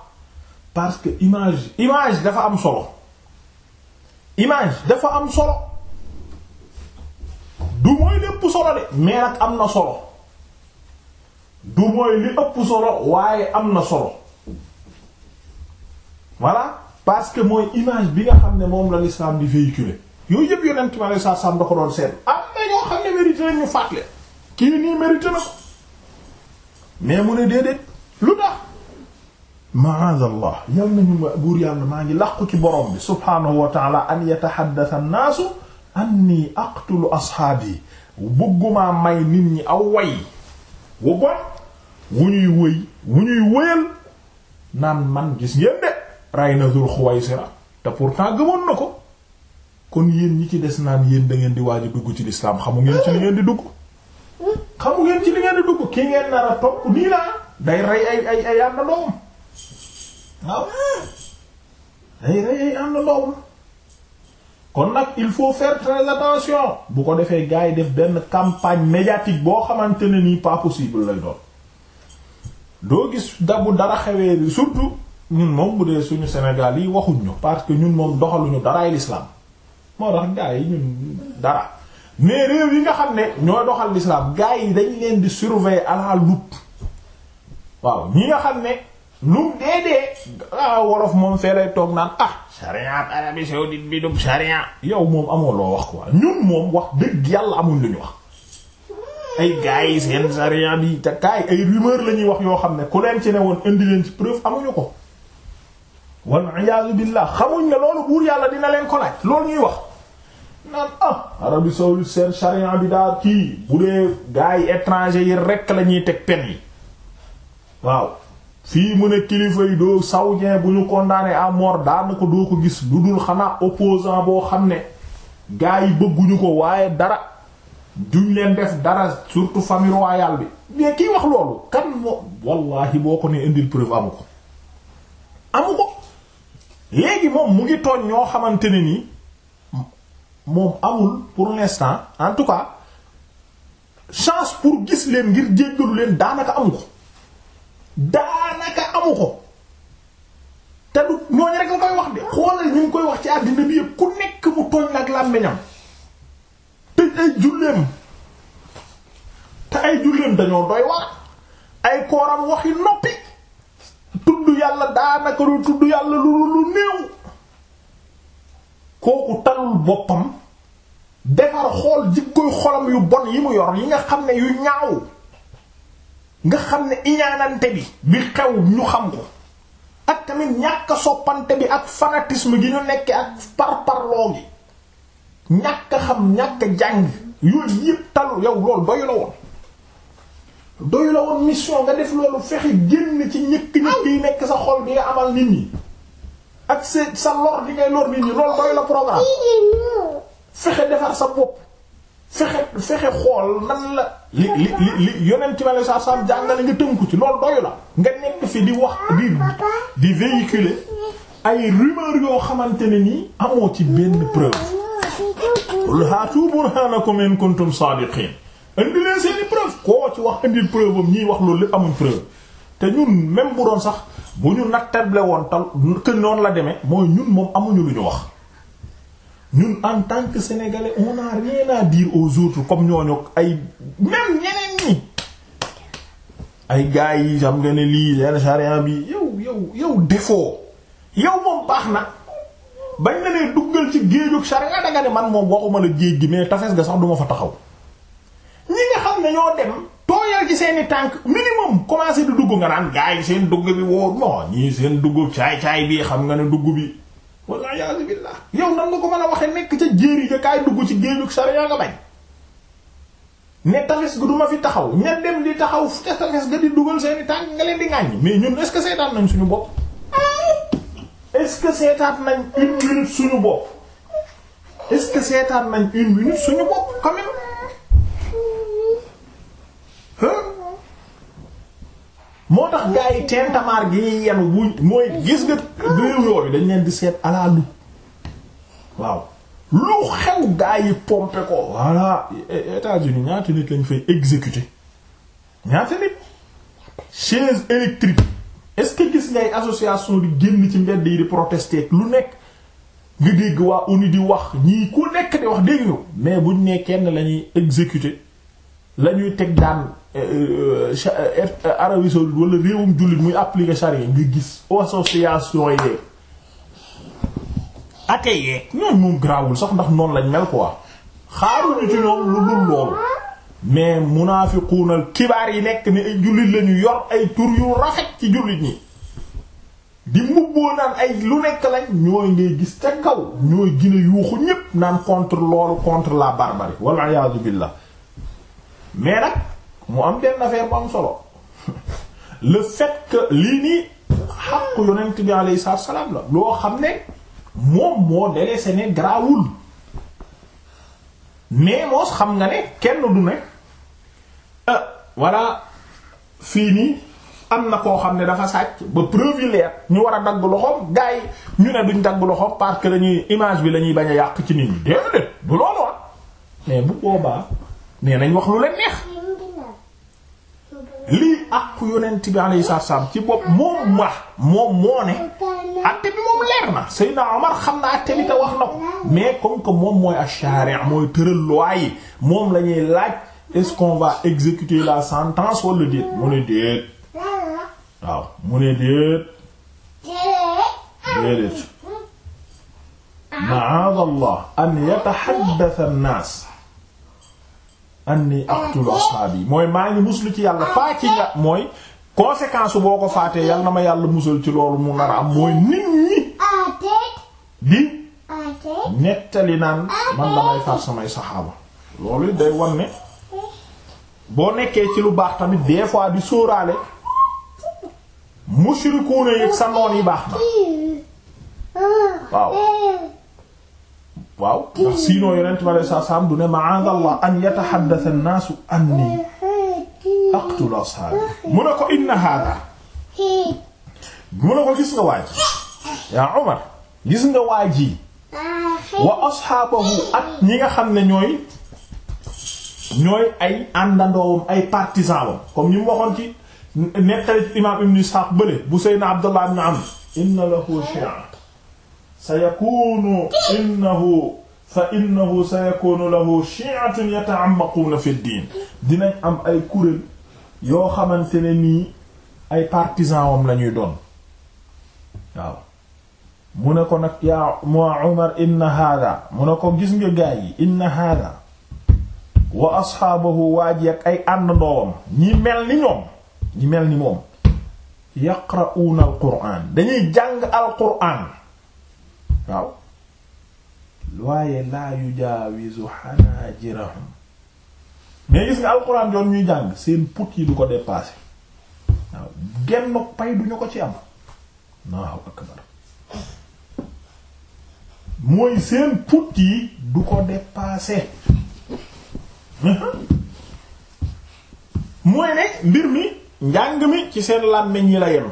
parce que image image dafa am solo image dafa am solo du mooy li ëpp solo de mais nag am na solo du mooy li ëpp solo waaye am na solo voilà parce que mooy image bi nga xam ne moom la l'islam di véhiculer yooyu yëpp yonent ma lay saa sam da ko doon seet am na ñoo xam ne mérité ñu fàttali kii nii mérité mais mu ne déedéet lu tax maadallah yal nañu maa ngi làqu ci borom bi subhaanahu wa taala an yataxaddasa annaasu anni aqtulu asxaabi bëggumaa may nit ñi aw way wu bon wu ñuy wëy wu ñuy wëyal naan man gis ngeen de ray na Dul Xuwaysira te pourtant gëmoon na ko kon yéen ñi ci des naan yéen da ngeen di waaj dugg ci lislaam xamu ngeen ci li ngeen di dugg xamu ngeen ci li ngeen di dugg ki ngeen nar a topp nii laa day rey ay ay ay àndandoom waaw day reyay kon nag il faut faire bu ko defee gars yi def benn campagne médiatique boo xamante ne nii pas possible lay gis dabu dara xewee surtout ñun moom bu dee suñu Sénégal yi waxuñu parce que ñun moom doxaluñu daraay l'islam moo tax gars mais réew yi nga xam ne ñoo doxal l'islam gars yi dañ leen di surveiller à la loupe waaw ñi nga xam ne lu dee dee ah wolof moom fee toog naan ah sharia Arabie saoudite bi dum yow moom amoo wax quoi wax yàlla amul lu ñu wax ay gars yi te kaay ay la ñuy wax yoo xam ne ku leen ci ne woon indi leen ci preuve amuñu ko wal iyaazu billah xamuñ ne loolu buur yàlla dina leen ko loolu ñuy wax naan ah Arabie saoudite seen bi daal kii bu dee gars yi étranger yi rekk lañuy teg pen yi waaw fii mu ne kilifa yi doo saoudien bu ñu condamné à mort daanaka doo ko gis lu dul xanaa opposant boo xam ne gaa yi bëgguñu ko waaye dara duñ leen def dara surtout famille royale bi mais kii wax loolu kan moo wallahi boo ko ne indil preuve amu ko amu ko léegi moom mu ngi tooñ ñoo xamante ne nii moom amul pour l'instant en tout cas chance pour gis leen ngir jéggalu leen daanaka amu ko daanaka amu ko te du ñooñu rek la koy wax de xoolal ñu ngi koy wax ci àddina bi yëpp ku nekk mu tooñ la ak làmmiñam tëj ay julleem te ay julleem dañoo doy wax ay kooram waxi noppi tudd yàlla daanaka lu tudd yàlla lu lu néew kooku talul boppam defar xool jikkoy xolam yu bon yi mu yor yi nga xam ne yu ñaaw nga xam ne iñaanante bi bi xew ñu xam ko ak tamit ñàkk soppante bi ak fanatisme gi ñu nekk ak parparloo gi ñàkk xam ñàkk jàng yooyu yëpp tal yow loolu doyu la woon doyu la woon mission nga def loolu fexe génn ci ñëkk ñëkk yi nekk sa xol bi nga amal nit ñi ak sa sa lor di ngay lor nit ñi loolu doyu la programme fexe defar sa bopp fexe fexe xool nan la li li li yonent bi alayhi salaam jàngale nga tënku ci loolu doyu la nga nekk fii di wax di di véhiculer ay rumeur yoo xamante ne nii amoo ci benn preuve qul haatu burhanakum in kuntum saadiqin indi leen seeni preuve koo ci wax indil preuve am ñiy wax loolu lépp amuñ preuve te ñun même bu doon sax bu ñu nattable woon tal que noonu la demee mooy ñun moom amuñu lu ñu wax ñun en tant que sénégalais on n'a rien à dire aux autres comme ay même ñeneen ñi ay gars yi xam nga ne lii yenn charia bi yow yow yow défaut yow moom baax na bañ na ne duggal ci géejug charia danga ne man moom waxuma la géej gi mais tafes ga sax duma fa taxaw ñi nga xam ne ñoo dem tooyal ci seeni tànk minimum commencé di dugg nga naan gars yi seen dugg bi woo non ñii seen dugg caay caay bi xam nga ne dugg bi walla yàlla yow nan nga ko mën a waxe nekk ca jéeri ga kaay dugg ci géejug sariya nga bañ ne tafes ga du ma fi taxaw ña dem di taxaw ca tafes ga di dugal seeni tànk nga leen di ŋàññi mais ñun est-ce que seetaan nañ suñu bopp est-ce que seetaan nañ une minute suñu bopp est-ce que seetaan nañ une minute suñu bopp quand tax gars yi teentamaar gi yenu bu mooy gis nga réew yooyu dañ leen di seet alaal la waaw lu xew gaa yi pompe ko voilà États-Unis ñaata nit lañ fay exécuter ñaata nit chaise électrique est-ce que gis ngay association di génn ci mbedd yi di protester lu nekk nga dégg waa ONU di wax ñii ko nekk di wax dégg nga mais ñu ne kenn lañuy ñuy exécuter la ñuy teg daan euh, euh, euh, Arabie saoudite wala réewum jullit muy appliquer charia nga gis association yi. ate yeeg ñoom ñun sax ndax noonu lañ mel quoi xaaruñu ci ñoom lu dul loolu mais munaafiquunal kibaar yi nekk ne ay jullit lañu yor ay tur yu rafet ci jullit ñi di mbubboo naan ay lu nekk lañ ñooy ngay gis ca kaw ñooy gine yuuxu ñépp naan contre loolu contre la barbarie walla iyaazu billah mais nag mu am benn affaire bu am solo le fait lii nii xaqu yonent bi alayhi salaam la loo xam ne moom moo délaissé ne garaawul mais xam nga ne kenn du ne ah fii nii am na koo xam ne dafa sàcc ba preuve leer ñu war a dagg loxoom gars yi ñu ne duñ dagg loxoom parce que dañuy image bi lañuy bañ a yàq ci nit ñi déedéet du loolu ah. mais bu boobaa nee nañ wax lu leen neex. lii ak yonent bi alayhi salaam ci bopp moom wax moom moo ne atte bi moom leer na Seydina Omar xam na atte bi te wax na ko mais comme que moom mooy ash-shari' mooy tëral loi yi moom la ñuy laaj est-ce qu'on va exécuter la sentence wala déet mu ne déet waaw mu ne déet déedéet ma'aadallah an yatahaddatha an-naas anni aqtulu ashaabi mooy maa ngi muslu ci yàlla pas ci nga mooy conséquence boo ko faatee yàlla na ma yàlla musal ci loolu mu nar am mooy nit ñi di nettali naan man damay faat samay saxaaba loolu day wan ne boo nekkee ci lu baax tamit des fois di sóoraale mushrikuuna yi sa noon yi baax na waaw waaw ndax sinon yonent bi alayhi salaam du ne ma'aadallah an yatahaddatha an-naasu anni aqtulu ashaabi mu ne ko inna haadaa mu ne ko gis nga waaj yaa Umar gis nga waaj wa ashaabahu ak ñi nga xam ne ñooy ñooy ay àndandoowam ay partisan wam comme ñi mu waxoon ci nettali imaam Ibn Ishaq bële bu Seydina Abdullah ibn Amr inna lahu shi'a sayakuunu innahu fa innahu sayakuunu lahu shi'atun yata'ammaquuna fi diin dinañ am ay kuréel yoo xamante ne nii ay partisans wam lañuy ñuy doon waaw mu ne ko nag yaa moo Umar inna haadaa mu ne ko gis nga gaay yi inna haadaa wa asxaabahu waaj ay ànd ndoowam ñi mel ni ñoom ñi mel ni moom yaqra'uuna al-qur'aan dañuy jàng al-qur'aan waaw waaye laa yujaawizu xanaajirahum mais gis nga alxuraan yoon ñuy jàng seen put yi du ko dépassé waaw genn pay duñu ko ci am Allahu mooy seen put yi du ko dépassé mooy ne mbir mi njàng mi ci seen làmmiñ yi la yem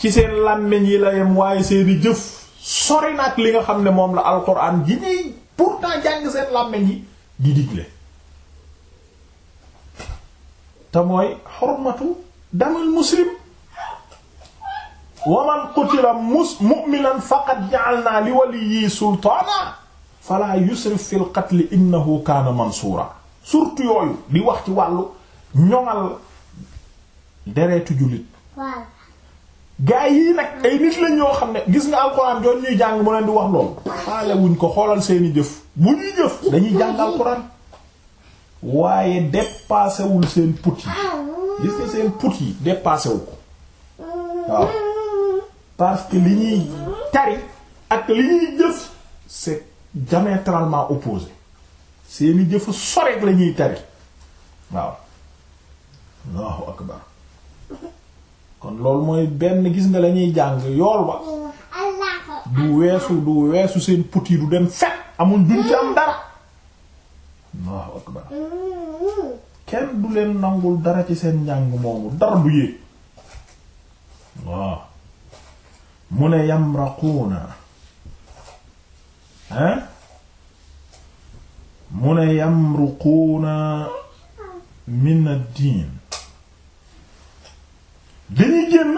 ci seen làmmiñ yi la yem waaye seeni jëf sori li nga xam ne moom la alxuraan ji ñuy pourtant jàng seen làmmiñ yi di digle te mooy xormatu damal muslim wa man qutila mu'minan faqad ja'alna li waliyyi sultaana fala yusrif fil qatl innahu kaana mansuura surtout yooyu di wax ci wàllu ñoŋal deretu jullit gaa yii nag ay nit lañ ñoo xam ne gis nga alxuraan doon ñuy jàng mu leen di wax loolu xaale wuñ ko xoolal seeni jëf bu ñuy jëf dañuy jàng alxuraan waaye dépassé wul seen put yi gis yi dépassé wu ko parce que li ñuy tari ak li ñuy jëf c'est diamétralement opposé seeni jëfu soreek la ñuy tari waaw Allahu akbar kon loolu mooy benn gis nga lañuy jàng yool ba du weesu du weesu seen put yi du dem fet amul duñ ci am dara waaw akbar kenn du leen nangul dara ci seen njàng moomu dara du yéeg waaw mu ne yamraquuna hein mu ne yamruquuna min ad-diin dañuy génn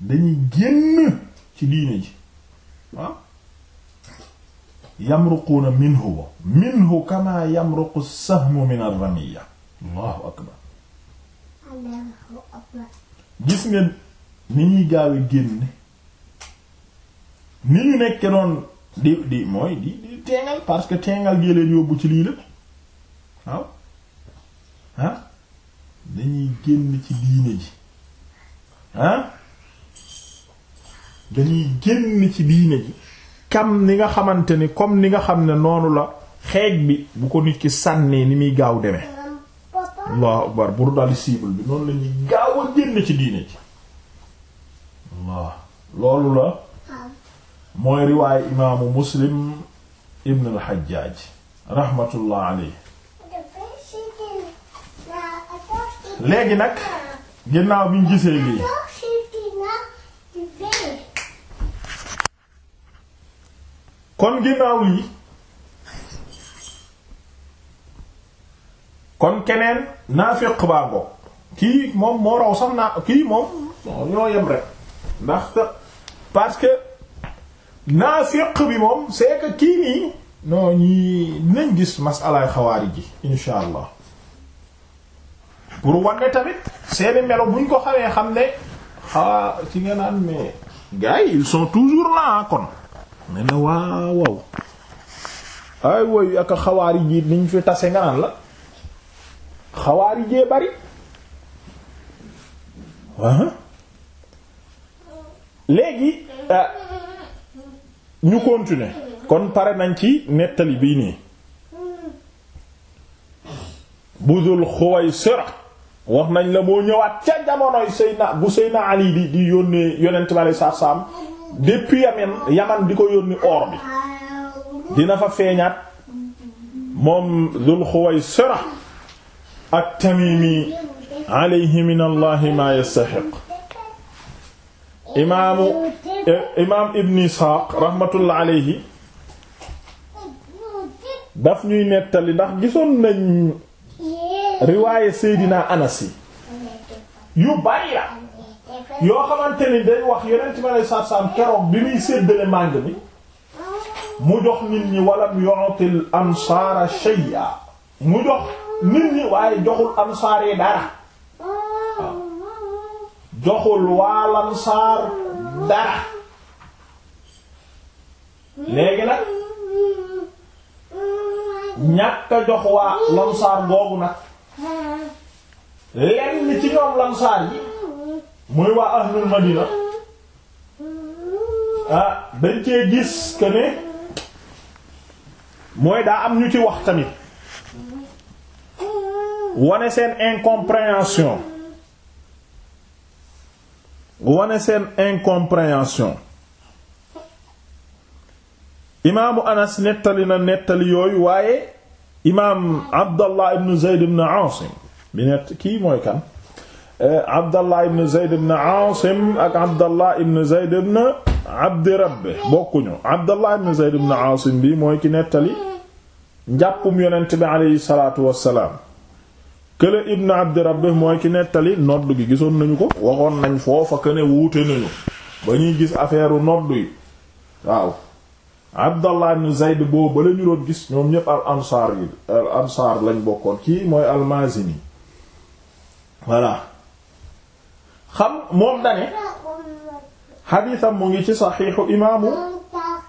dañuy génn ci diine ji waaw yamruquuna minhu minhu kama yamruqu as-sahmu min ar-ramiyya allahu akbar gis nga ni ñuy gaawe génn ni ñu nekke doon di di mooy di di teengal parce que teengal gi yóbbu ci lii la waaw ah dañuy génn ci diine ji ah dañuy génn ci diine ji kam ni nga xamante ni comme ni nga xam ne noonu la xeej bi bu ko nit ki sànnee ni muy gaaw deme allahu akbar buru dali cible bi noonu la gaaw a génn ci diine ji waaw loolu la mooy riwaaye imaamu muslim ibn al-Hajjaj rahmatullah léegi nag ginnaaw bi gisee lii kon ginnaaw lii kon keneen naafiq baa ngoog kii moom moo raw sax naa kii moom ñoo yem rek ndax parce que naafiq bi moom c'est que kii nii non ñii dinañ gis masalaay xawaari ji insha allah pour wanne tamit seeni melo buñ ko xawee xam ne xaa ah, ci nga naan mais gars yi ils sont toujours là kon ne na waaw waaw ay woyu ak xawaari ji niñ fi tase nga naan la xawaari jee bari ah. léegi ah, ñu continuer kon pare nañ ci nettali bii nii budul xuway sira wax nañ la moo ñëwaat ca jamonoy Seyna bu Seyna Ali bi di yónnee yonent bi alei satu salaam depuis Yaman di ko yónni or bi dina fa feeñaat moom Zul Xuwaysira at-Tamimi alayhi min Allah ma yastaxiq imaamu e, imaam Ibn Isxaaq rahmatullah alayhi daf ñuy nettali ndax gisoon nañ riwaaye Seydina Anas yu bari la yoo xamante ni day wax yonent bi alei satu salaam keroog bi muy séddale màng mi mu jox nit ñi walam yu'til ansaara shay'a mu jox nit ñi waaye joxul ansaar yi dara waaw joxul waal ansaar dara léegi nag ñàkk jox waa lansaar googu nag lenn eh, ci ñoom lamsaar yi muy waa ahlul madina ah dañ cee gis que ne mooy daa am ñu ci wax tamit wane seen incompréhension wane seen incompréhension imaamu anas nettali na nettali yooyu waaye imaam Abdallah ibn Zayd ibn Aasim bi net kii mooy kan eh, Abdallah ibn Zayd ibn Aasim ak Abdallah ibn Zayd ibn Abdi bokkuñu Abdallah ibn Zayd ibn Aasim bi mooy ki nettali njàppum yonent bi aleyhi salaatu wassalaam kële ibn Abdi mooy ki nettali nodd gi gisoon nañu ko waxoon nañ foofa këne wuute nañu ba ñuy gis affaire u nodd yi waaw abdallah ibn zayd lañ bokkoon kii mooy almazini voilà xam moom dane xadiisam mu ngi ci saxiixu imaamu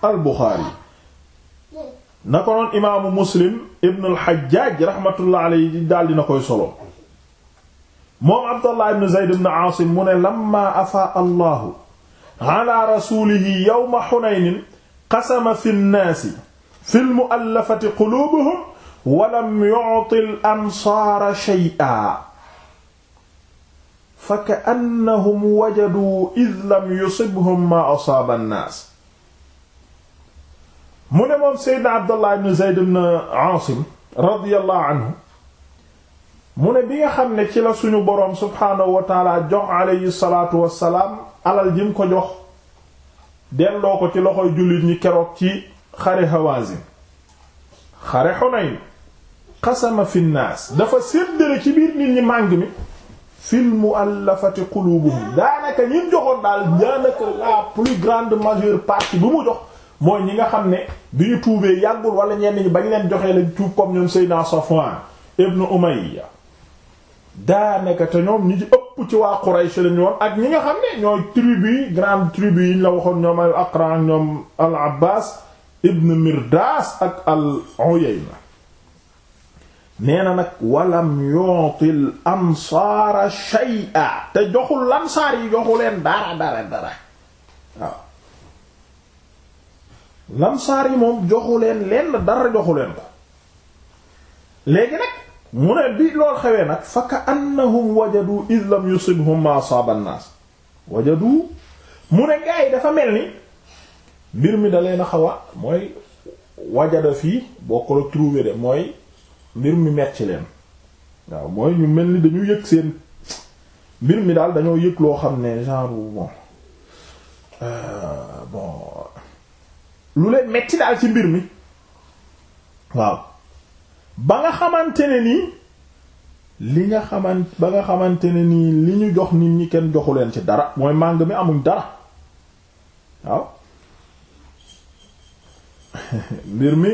al buxaari na ko noon imaamu muslim ibn al raxmatullah alayhi daal dina koy solo moom abdallah ibn zayd ibn aasim mu ne lamma afaa allahu ala rasuulihi yawma qasama fi nnaasi fi lmuallafati quluubuhum walam yu'ti al-ansaara shay'an fa ka'annahum wajaduu id lam yusibhum maa asaaba nnaas mu ne moom Seydina Abdallah ibn Zayd ibn Aasim radiyallahu anhu mu ne bi nga xam ne ci la suñu boroom subhaanahu wa taala jox alayhi salaatu wassalaam alal ji mu ko jox delloo ko ci loxoy jullit ñi keroog ci xare Hawazin xare Hunayn qasama fi nnaas dafa séddale ci biir nit ñi màng mi fil mu'allafati qulubuhum daanaka ñi joxoon daal daanaka la plus grande majeure partie bu mu jox mooy ñi nga xam ne bi ñu tuubee yàggul wala ñenn ñi bañ leen joxee lañ tuub comme ñoom Seydina Safwan ibn Umayya daanaka te ñoom ñi ci ëpp ci waa Quraysh lañu woon ak ñi nga xam ne ñooy tribu grande tribu yi ñu la waxoon ñoom al Aqra ak ñoom al Abbas ibn Mirdas ak al Uyayna nee na nag walam yu'til ansaara shay'a te joxul lansaar yi joxuleen leen dara dara dara waaw lansaar yi moom joxu leen lenn dara joxu ko léegi nag mu ne bi lool xewee nag fa ka annahum wajadu id lam yusibhum ma asaba wajadu mu ne gars yi dafa mel ni mbir mi da leen a xaw a mooy wajada fii boo ko la mooy mbir mi metti leen waaw ñu mel ni dañu yëg seen mbir mi daal dañoo yëg loo xam ne genre bon euh, bon lu leen metti daal ci mbir mi waaw ba nga xamante ne li nga ba nga xamante ne nii li ñu jox nit ñi kenn joxu leen ci dara mooy màng mi amuñ dara waaw mbir mi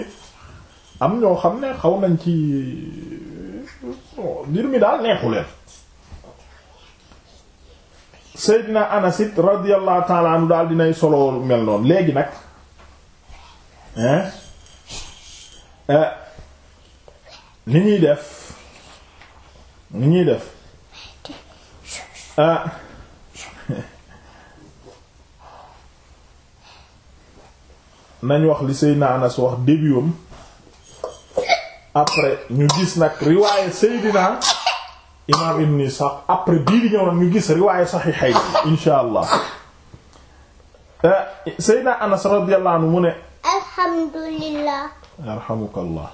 am ñoo xam ne xaw nañ ci mbir mi daal neexu leen Seydina Anas it radiyallahu ta'ala daal dinay solo mel noonu léegi nag ni ñuy def ni ñuy def ah nañ wax li Seydina Anas wax débutam après ñu gis nag riwaaye Seydina imaam Ibn Ishaq après bii di ñëw nag ñu gis riwaaye saxiixay insha allah eh, Seydina Anas radiyallahu anhu mu ne alhamdulillah yarhamukallah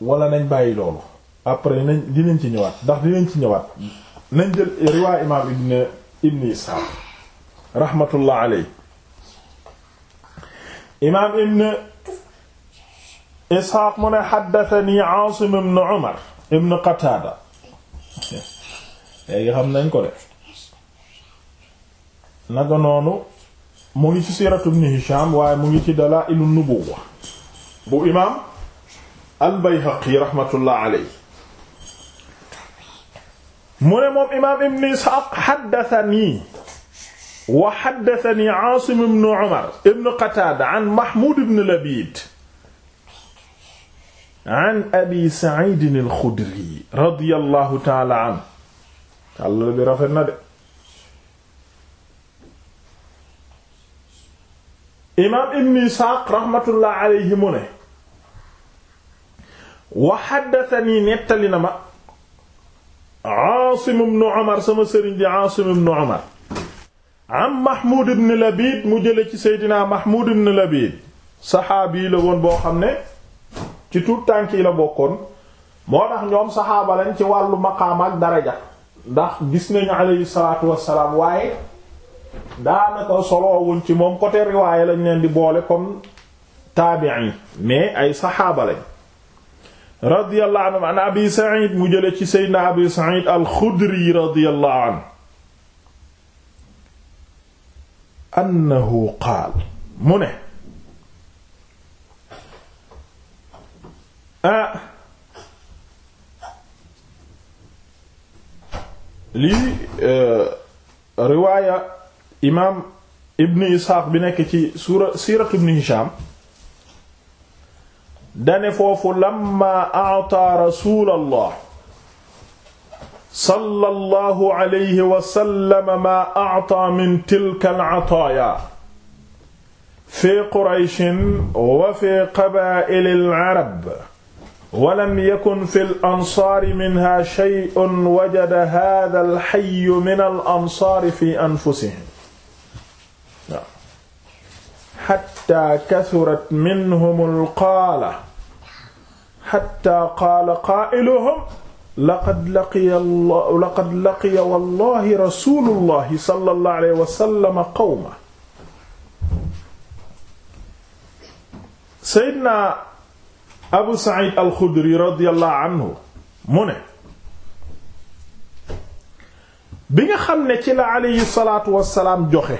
wala nañ bàyyi loolu après nañ dinañ ci ñëwaat ndax dinañ ci ñëwaat nañ jël riwaa imaam ibn ibn Isxaaq rahmatullah imaam ibn Isxaaq mu ne haddathani Aasim ibn Umar ibn Qataada léegi xam nañ ko de naka noonu mu ngi ci siiratu ibn Hishaam waaye mu ngi ci Dalaa'ilun Nubuwwa bu imaam al Bayhaqi rahmatullah alayhi mu ne moom imaam Ibn Isxaaq haddathanii wa haddathanii Aasim ibn Umar ibn Qataada an Mahmuud ibn Labiid an Abi Saciid al-Xudri radiyallahu ta'aala anhu. Tallal bi rafet na de. imaam Ibn Isxaaq rahmatullah alayhi mu ne. wa haddathanii nettali na ma Aasim ibn Umar sama sëriñ di Aasim ibn Umar am Mahmoud ibn mu jële ci Seydina Mahmoud ibn Labid saxaabi la woon boo xam ne ci tuut tànk yi la bokkoon moo tax ñoom saxaabalañ lañ ci wàllu maqaam ak daraja ndax gis nañu alayhi salaatu wassalaam waaye daanaka soloowuñ ci moom côté riwaaye lañ leen di boole comme taabi'i mais ay saxaaba radiyallahu anhu an abi said mu jële ci seydna abi said alxudri radiyallahu anhu annahu qaal mu ne ah lii e, riwaaya imaam ibn isxaaq bi nekk ci sura siiratu ibn hisham dane foofu lamma a'ta rasulallah sallallahu alayhi wa sallam ma a'ta min tilka al-'ataaya fi qurayshin wa fi qabaa'il al-'arab wa lam yakun fi al-ansaari minha shay'un wajada haadha al-hayyu min al-ansaari fi anfusihim xatta kasurat minhumul qaala xatta qaala qaa'iluhum laqad laqiya laqad laqiya wallahi rasulullahi sallallahu alayhi wa sallam qawma Seydina Abu Saïd al-Khudri radiyallahu anhu mu ne bi nga xam ne ci la alayhi salaatu wa salaam joxe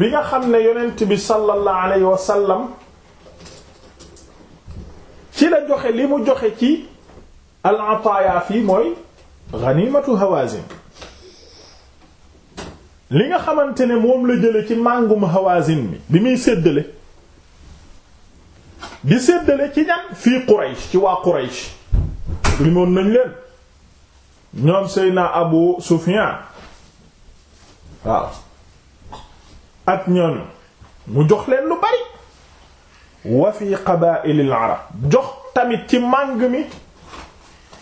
bi nga xam ne yonent bi sallallahu alayhi wa sallam ci la joxe li mu joxe ci al ataaya fii mooy ganimatu hawazin li nga xamante ne moom la jële ci màngum hawazin mi bi muy séddale di séddale ci ñan fii Quraysh ci waa Quraysh limoon nañ leen ñoom Seydina Abu Sufyan waaw ak ñoom mu jox leen lu bari wa fi qabaa'ilil arab jox tamit ci màng mi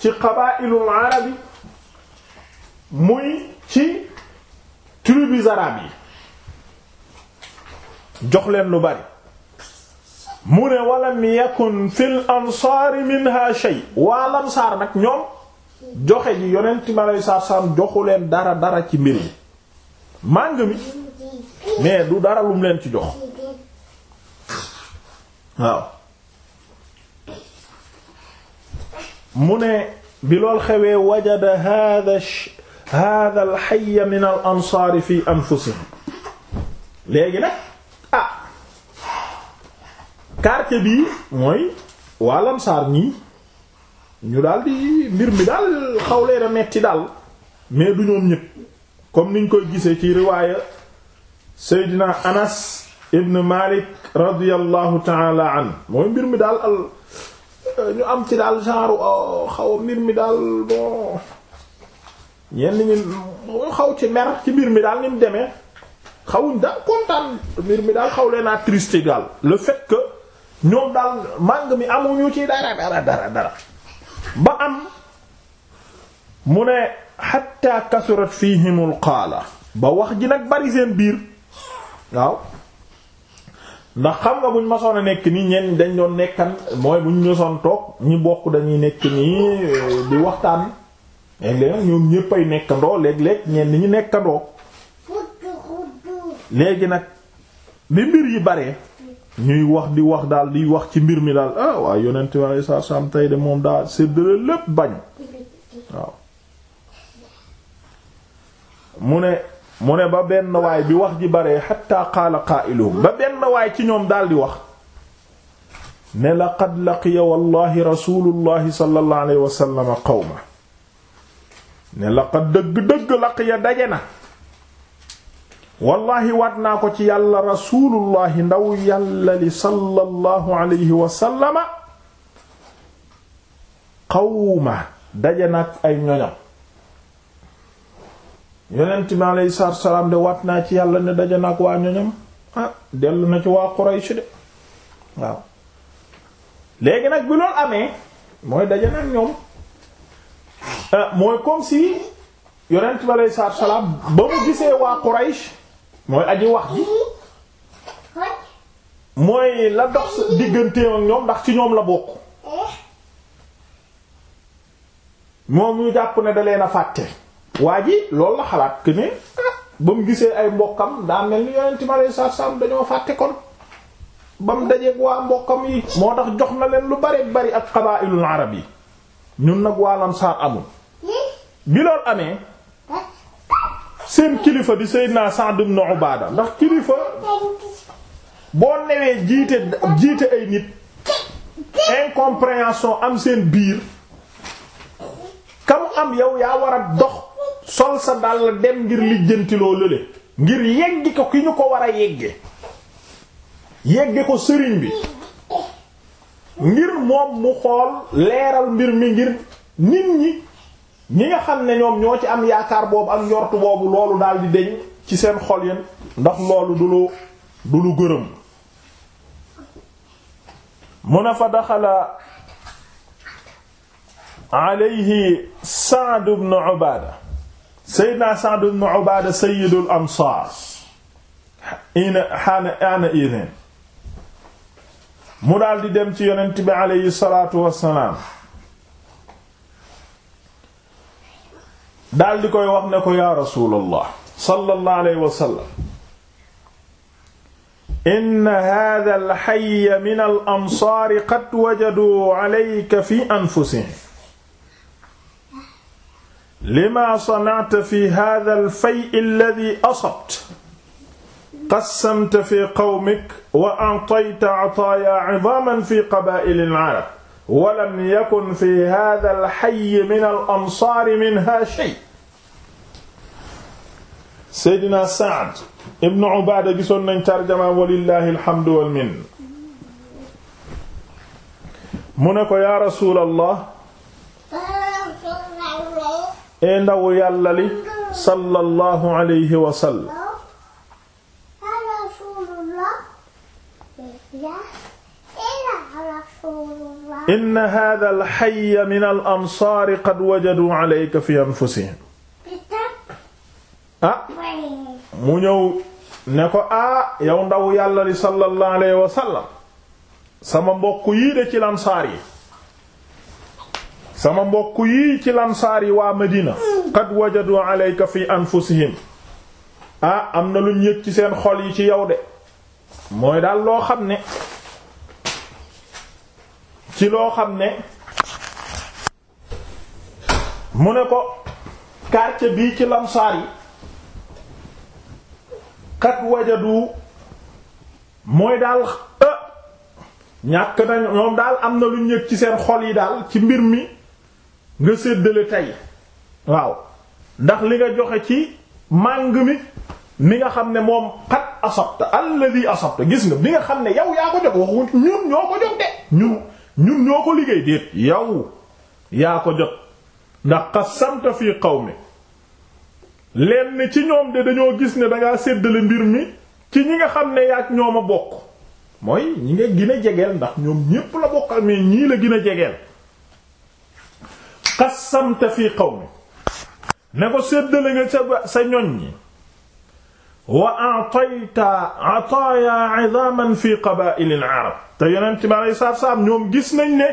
ci qabaa'ilul arab muy ci tribus yi jox leen lu bari mu ne walam yakun fil ansaari minha shay waa lamsaar nag ñoom joxe ji yonent mi aleyhi salaatu salaam joxu leen dara dara ci mbir yi màng mi mais du dara lu mu leen ci jox waaw mu ne bi lool xewee wajada hada hada al hayy min al fi anfusihim léegi nag ah quartier bii mooy waa lamsaar ñii ñu daal di mbir mi daal xawleena metti daal mais du ñoom ñëpp comme niñ koy gisee ci riwaaya Seydina Anas ibn Malik radiyallahu taala mbir mi daal al am ci daal genre oh, xaw mbir mi daal bon ñenn ñi xaw ci mer ci mbir mi daal ni mu demee xawuñ daal kontaan mbir mi daal xaw leen attristé daal le fait que daal màng mi amuñu ci dara dara dara ba am mu ne hatta kasurat fihimul qaala ba wax ji nag bari seen biir waaw ndax xam nga buñ masoon a nekk nii ñenn dañ doon nekkan mooy ñu ñosoon toog ñi bokk dañuy nekk nii eh, di waxtaan ñoom ñépp ay nekkandoo léeg-léeg ñenn ñi nekkandoo léegi nag bi mbir yi bare ñuy wax di wax daal di wax ci mbir mi daal ah waaw yonent wala sa sam tey de moom daa séddale lépp bañ waaw mu ne mu ne ba benn waay bi wax ji bare xatta qaala qaa'iluhum ba benn waay ci ñoom daldi wax ne laqad laqiya wallahi rasulullahi sallallahu alayhi wa sallam qawma ne laqad dëgg-dëgg laqiya daje na wallahi waat naa ko ci yàlla rasulullahi ndaw yàlla li sallallahu alayhi wa qawma daje nag ay ñoñam yonent mi aleyhi salaatu salaam de wat naa ci yàlla ne daje nag waa ñoñam ah dellu na ci waa Quraysh de waaw léegi nag bi loolu amee mooy daje nag ñoom ah, mooy comme si yonent mi aleyhi salaam ba mu gisee waa Quraysh mooy aji wax ji mooy la dox digganteem ak ñoom ndax ci ñoom la bokk moom ñu jàpp ne da leen a fàtte waa ji loolu la xalaat que ne ah, ba mu gisee ay mbokkam daa mel ni yonenti ma lay sarsam dañoo fàtte kon ba mu dajeeg waa mbokkam yi moo tax jox na leen lu bari bari ak qabaa'ilul arab yi ñun nag waa Ansaar amul bi loolu amee seen kilifa di Seydina Sa'd ibn Ubaada ndax kilifa boo newee jiite jiite ay nit incompréhension am seen biir kam am yow yaa war a dox sol sa dàll dem ngir lijjanti loo ngir yeggi ko ki ñu ko war a yégge yegge ko sëriñ bi ngir moom mu xool leeral mbir mi ngir nit ñi ñi nga xam ne ñoom ñoo ci am yaakaar boobu am njortu boobu loolu daal di deñ ci seen xol yéen ndax loolu du lu du lu gërëm mu ne fa daxala alayhi Sa'd ibn Ubaada Seydina Sa'd ibn Ubaada sayyidul ansaar ina xaana ana idin mu daal di dem ci yonent bi aleyhi salaatu wassalaam daal di koy wax ne ko yaa rasuulallah sallallahu alayhi wa sallam in haadha al-hayya min al-ansaar qad wajaduu alayka fi anfusihim lima sana'ta fi hadha al-fay' alladhi asabt qassamta fi qawmik wa a'tayta 'ataaya 'idaaman fi qabaa'il al-'arab wa lam yakun fi hadha al-hayy min al-ansaar minha shay' Seydina Sa'd ibn Ubaada gisoon nañ tarjama walillahi alhamdu wal minna mu ne ko yaa rasuulallah e ndaw yàlla li sallallahu alayhi wa sallam al-hayya min al-ansaar qad wajadu alayka fi anfusihim ah, mu ñëw ne ko ah, ndaw yàlla li sallallahu alayhi wa sama mbokk yi de ci lansaar sama mbokk yii ci lansaar yi waa Medina qad wajadu alayka fi anfusihim ah am na luñ yëg ci seen xol yi ci yow de mooy daal loo xam ne ci loo xam ne mu ne ko quartier bii ci lamsaar yi qad wajadu mooy daal ah, ñàkk nañ ñoom daal am na luñ yëg ci seen xol yi daal ci mbir mi nga séddale tey waaw ndax li nga joxe ci màng mi mi nga xam ne moom xat asabta alladhi asabta gis nga bi nga xam ne yow yaa ko jox waxu ñun ñoo ko jox de ñun ñoo ko liggéey déet yow yaa ko jot ndax qasamta fii xaw mi lenn ci ñoom de dañoo gis ne dangaa séddale mbir mi ci ñi nga xam ne yaak ñoom a bokk mooy ñi nga gën a jegeel ndax ñoom ñépp la bokkal mais ñii la gin a jegeel qassamta fi qawmi ne ko séddale nga sa sa wa a'tayta ataaya 'idhaman fi qaba'il al-'arab te yeneen ci ma lay saaf saaf ñoom gis nañ ne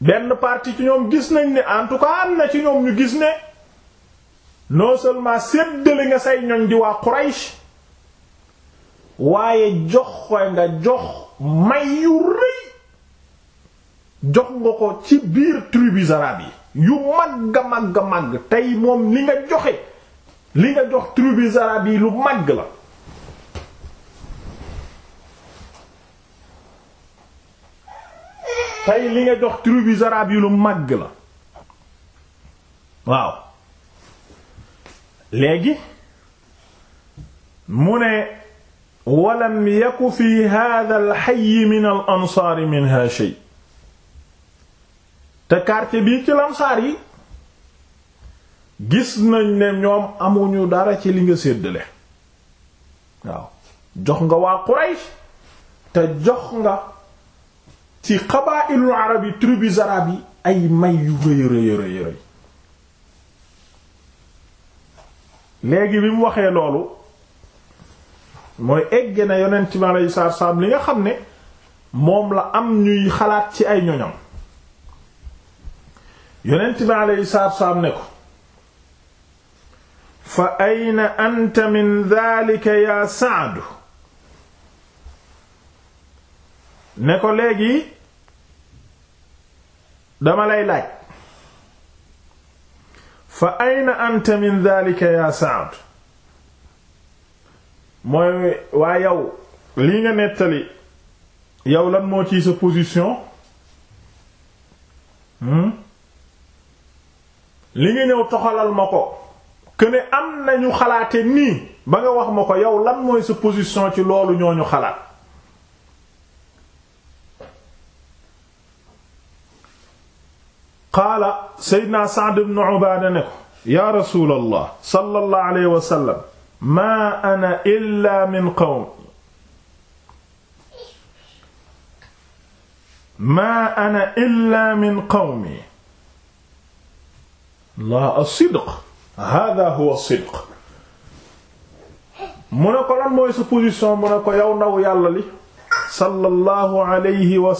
benn partie ci ñoom gis nañ ne en tout cas am na ci ñoom ñu gis ne non seulement séddale nga say ñoñ di waa Quraysh waaye jox nga jox may yu jox nga ko ci biir tribus arabes yu màgg a màgg a tey moom li nga joxe li nga jox tribus arabes yi lu màgg la tey li nga jox tribus lu màgg la waaw léegi mune ne walam yaku fi hadha al hayy min al minha shay te quartier bii ci lamsaar yi gis nañ ne ñoom amuñu dara ci li nga séddale waaw jox nga waa Quraysh te jox nga ci qabaa'ilul arab yi tribus yi ay may yu rëy rëy rëy léegi bi mu waxee loolu mooy egg na yonent bi alayhi salaam li nga xam ne moom la am ñuy xalaat ci ay ñoñam yonent bi alayhi salaatu ne ko fa ayna anta min daalika yaa Saadu ne ko léegi dama lay laaj fa ayna anta min daalika yaa Saadu mooy waa yow lii nga nettali yow lan moo ci sa position hmm? li nga ñëw toxalal ma ko que ne am nañu xalaate nii ba nga wax ma ko yow lan mooy sa position ci loolu ñooñu xalaat qaala seydna Sa'd ibn Ubaada ne ko yaa rasuulallah sallallahu alayhi wa maa ana illaa min qawm la as-sidq hada huwa as-sidq mu ne ko lan mooy sa position mu ne ko yow ndaw yàlla li sallallahu alayhi wa sallam